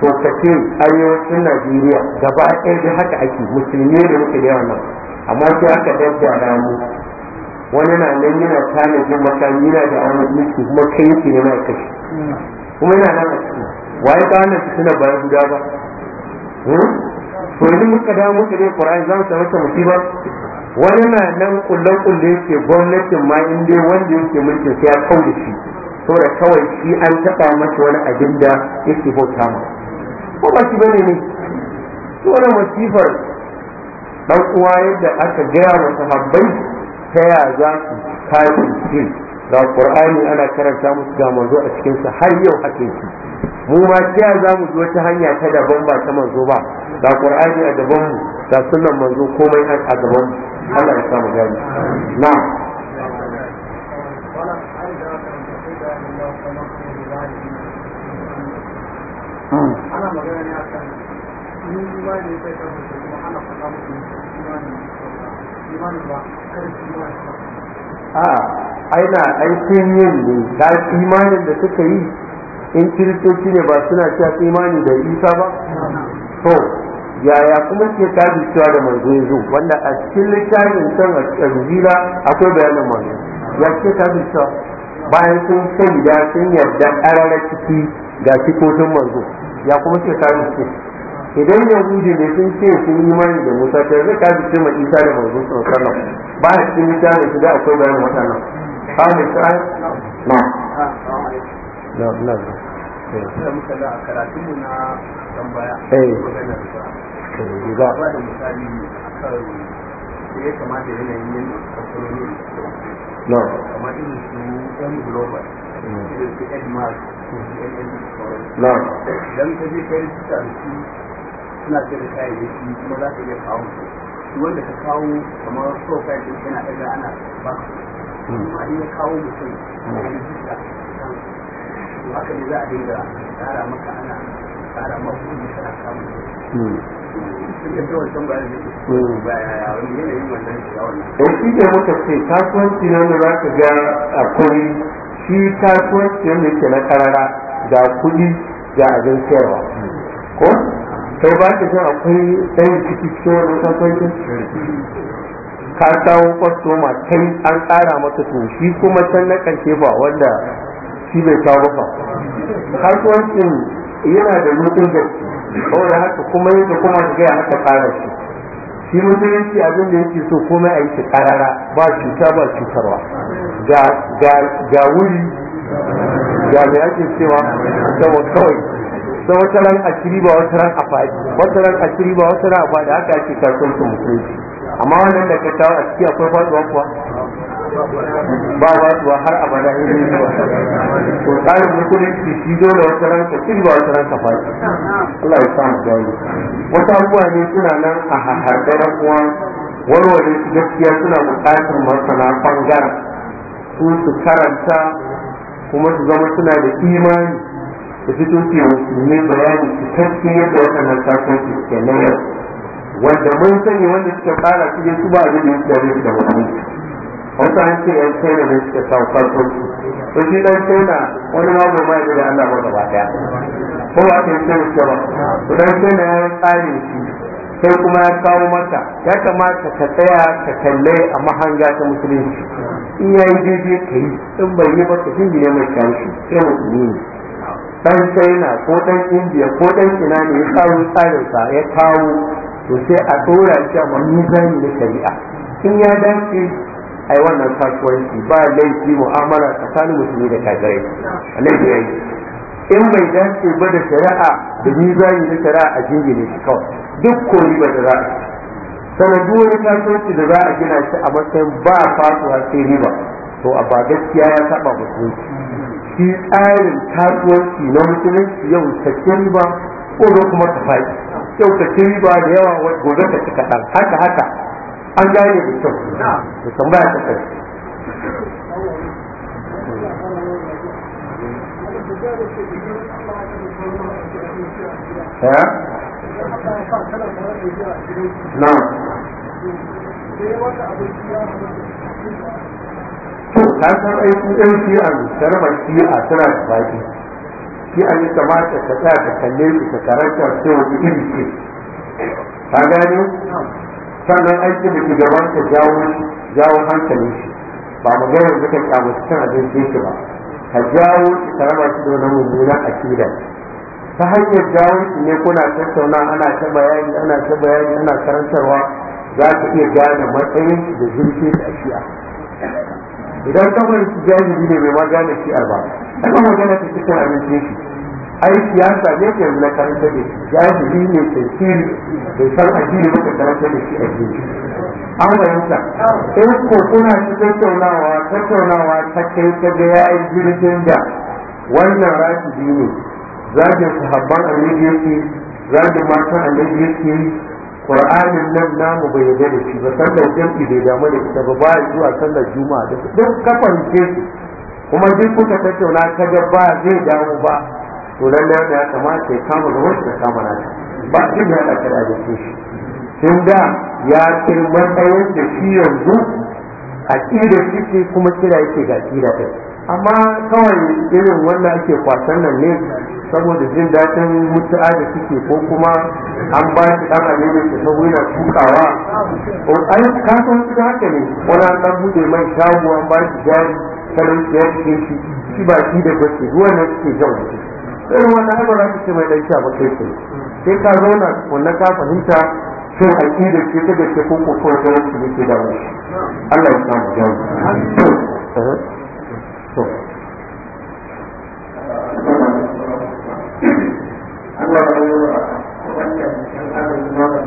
to kace arewacin najeriya gaba ɗaya da haka ake musulmi da muke da yawan nan amma sai aka dadda rani wani na nan yana tanajin makami yana da an mutu kuma kai yake ne mai kashi kuma yana nan a ciki waye ka wannan su suna bayan guda ba hmm? to yanzu muka dawo muka dai qur'ani za mu samu ta musiba wani na nan kullan kulle yake gwamnatin ma inda wanda yake mulkin sai ya kauda shi saboda kawai shi an taɓa masa wani abin da yake bauta ma ko ba shi bane ne shi wani masifar dan uwa yadda aka gaya wa sahabbai ta ya za su kai shi da qur'ani ana karanta musu ga manzo a cikin sa har yau hake shi mu ma ta ya za mu ji wata hanya ta daban ba ta manzo ba da qur'ani a daban mu da sunan manzo komai a gaban mu Allah ya samu gani na'am a aina aikin yin ne da imanin da suka yi in kiristoci ne ba suna cewa imani da isa ba to yaya kuma ke kaji cewa da manzo yanzu wanda a cikin littafin can a a akwai bayanin manzo ya ke kaji cewa bayan sun shaida sun yarda ƙarara ciki ga cikokin manzo ya kuma ce ka ce idan yahudi ne sun ce sun yi mani da musa ta zai ka ce ma isa da mazun sun sallam ba a cikin isa da shida akwai bayan waɗannan ba mai sa'ai na na na na na dan ka je kai ta su suna cire kayayyaki kuma za ka iya kawo su wanda ka kawo kamar so kayayyaki yana daga ana ba hmm. amma in ya kawo mutum a yi jika to haka ne za a dinga ana tsara maka kuma hmm. da hmm. eh, shi na da za ka ga akwai shi kasuwanci wanda yake na karara ga kuɗi ga abin sayarwa ko sai ba ka jin akwai ɗan ciki cikin wani kasuwanci ka kawo kwastoma kai an ƙara masa to shi kuma can na ƙarshe ba wanda shi bai kawo ba kasuwancin yana da nufin da saboda haka kuma yadda kuma da gaya aka ƙara shi shi musulunci abin da yake so komai a yi shi karara ba cuta ba cutarwa ga wuri ga mai ake cewa sama kawai sau wata ran a shiri ba wata ran a faɗi wata ran a shiri ba wata ran a faɗi haka ake karfin su mutunci amma wannan da ka kawo a ciki akwai faɗuwa kuwa ba har abada ne ne ba ko tsarin musulunci shi dole wata ranka ba wata ranka fara Allah ya samu gani wata abuwa ne suna nan a harkar kuwa warware su gaskiya suna bukatar masana bangar su su karanta kuma su zama suna da imani da fito ke musulmi bayani cikakken yadda waɗannan kasuwanci ke nan yau wanda mun sani wanda suka fara cikin su ba da yadda da musulmi wata an ce yan china ne suka kawo farko to shi dan china wani ma ba mai da Allah ba gaba daya ko ba ta china ce ba to dan china ya tsare shi sai kuma ya kawo mata ya kamata ka tsaya ka kalle a mahanga ta musulunci in yayi daidai ka yi in bai yi ba ka ne mai kanshi sai musulmi ne dan china ko dan india ko dan ina ne ya kawo tsarinsa ya kawo to sai a dora shi a mamizani na shari'a in ya dace ai wannan kasuwanci ba laifi mu'amala tsakanin musulmi da kafirai laifi yayi in bai dace ba da shari'a da ni yi da shari'a a jingine shi kawai duk ko ba da za a sanadu wani kasuwanci da za a gina shi a matsayin ba fasuwa sai riba to a ba gaskiya ya saba musulunci shi tsarin kasuwanci na musulunci yau sakin riba ko kuma ta faɗi yau ka riba da yawa gobe ka ci kaɗan haka haka an gane da kyau da tambaya ta kai ya eh? na to ta san aiki ɗan a ne shi a tana da baki shi an yi kamata ka tsaya ka kalle su ka karanta su wani iri ce ka gani sannan aiki da shugaban ka jawo jawo hankalin shi ba mu gaya yanzu kan kyamata cin abincin shi ba ka jawo shi ka raba shi da wani mummunan akida ta hanyar jawo shi ne kuna tattauna ana ta bayani ana ta bayani ana karantarwa za ka iya gane matsayin shi da zurfin shi a shi'a idan kamar shi jahili ne mai ma gane shi'ar ba ta magana ta cikin abincin shi ai siyasa ne ke na karanta ne ya yi jiri ne ke siri da san ajiyar ba karanta ne shi addini an fahimta in ko kuna shi tattaunawa tattaunawa ta kai ta ga ya yi jiri da wannan rashi ne zagin sahabban annabi yake zagin matan annabi yake qur'anin nan namu bai yi da shi ba sallar jam'i bai damu da ita ba ba zuwa sallar juma'a da duk kafance su kuma duk kuka tattauna ta ga zai damu ba to lalle wanda ya kamata ya kama gaban da kama ba shi ya a kada da shi tun da ya kai matsayin da shi yanzu a kira shi kuma kira yake ga kira kai amma kawai irin wanda ake kwasan nan ne saboda jin daɗin mutu'a da suke ko kuma an ba shi ɗan nemi ta sabo yana tukawa ko an kasan su haka ne wani an ɗan buɗe mai shago an ba shi jari talauci ya shi shi ba shi da gaske ruwan na suke jan irin wannan ai ba za ka ce mai dan sha kai ce sai ka zauna wannan ka fahimta shin aqida ce ta gaske ko ko ko da wani yake da wani Allah ya samu jawo to Allah ya yi wa wannan kan ba ba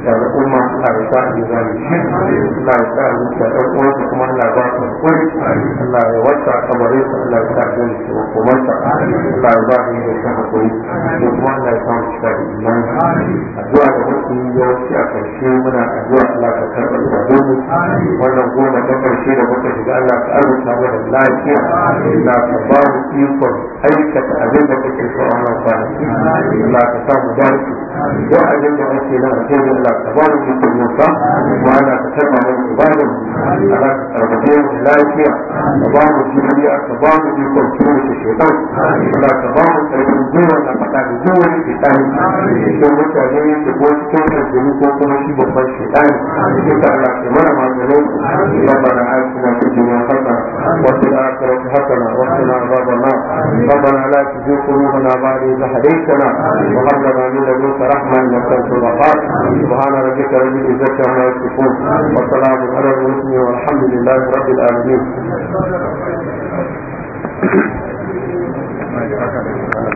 da al'umma Allah ya sa a imani Allah ya sa a zuciya ɗan uwansa kuma Allah ba su hakuri Allah ya wata kamar su Allah ya sa a gani su hukumarsa Allah ya ba su yi da shan hakuri da kuma Allah ya sa mu cika da imani addu'a da wasu yawanci a ƙarshe muna addu'a Allah ka karɓa ibadunmu wannan goma ta karshe da muka shiga Allah ka arzuta mana lafiya Allah ka ba mu ikon aikata abin da kake so a wannan kwanaki Allah ka sa mu dace duk abin da ake nan a cikin Allah ka ba mu ikon sa kuma Allah ka karba mana ibadar Allah ka karbace mu lafiya ka ba mu juriya ka ba mu ikon kiyaye shi shaitan Allah ka ba mu karfin gwiwa ka faɗa da gwiwa shi shaitan idan mutane ne ke ko cikin kuma shi sai mana maganin rabbana atina fid dunya وفي الآخرة حسنة وقنا عذاب النار ربنا لا تزغ قلوبنا بعد إذ هديتنا وهب لنا من لدنك رحمة إنك أنت الوهاب سبحان ربك رب العزة عما يصفون وسلام على المسلمين والحمد لله رب العالمين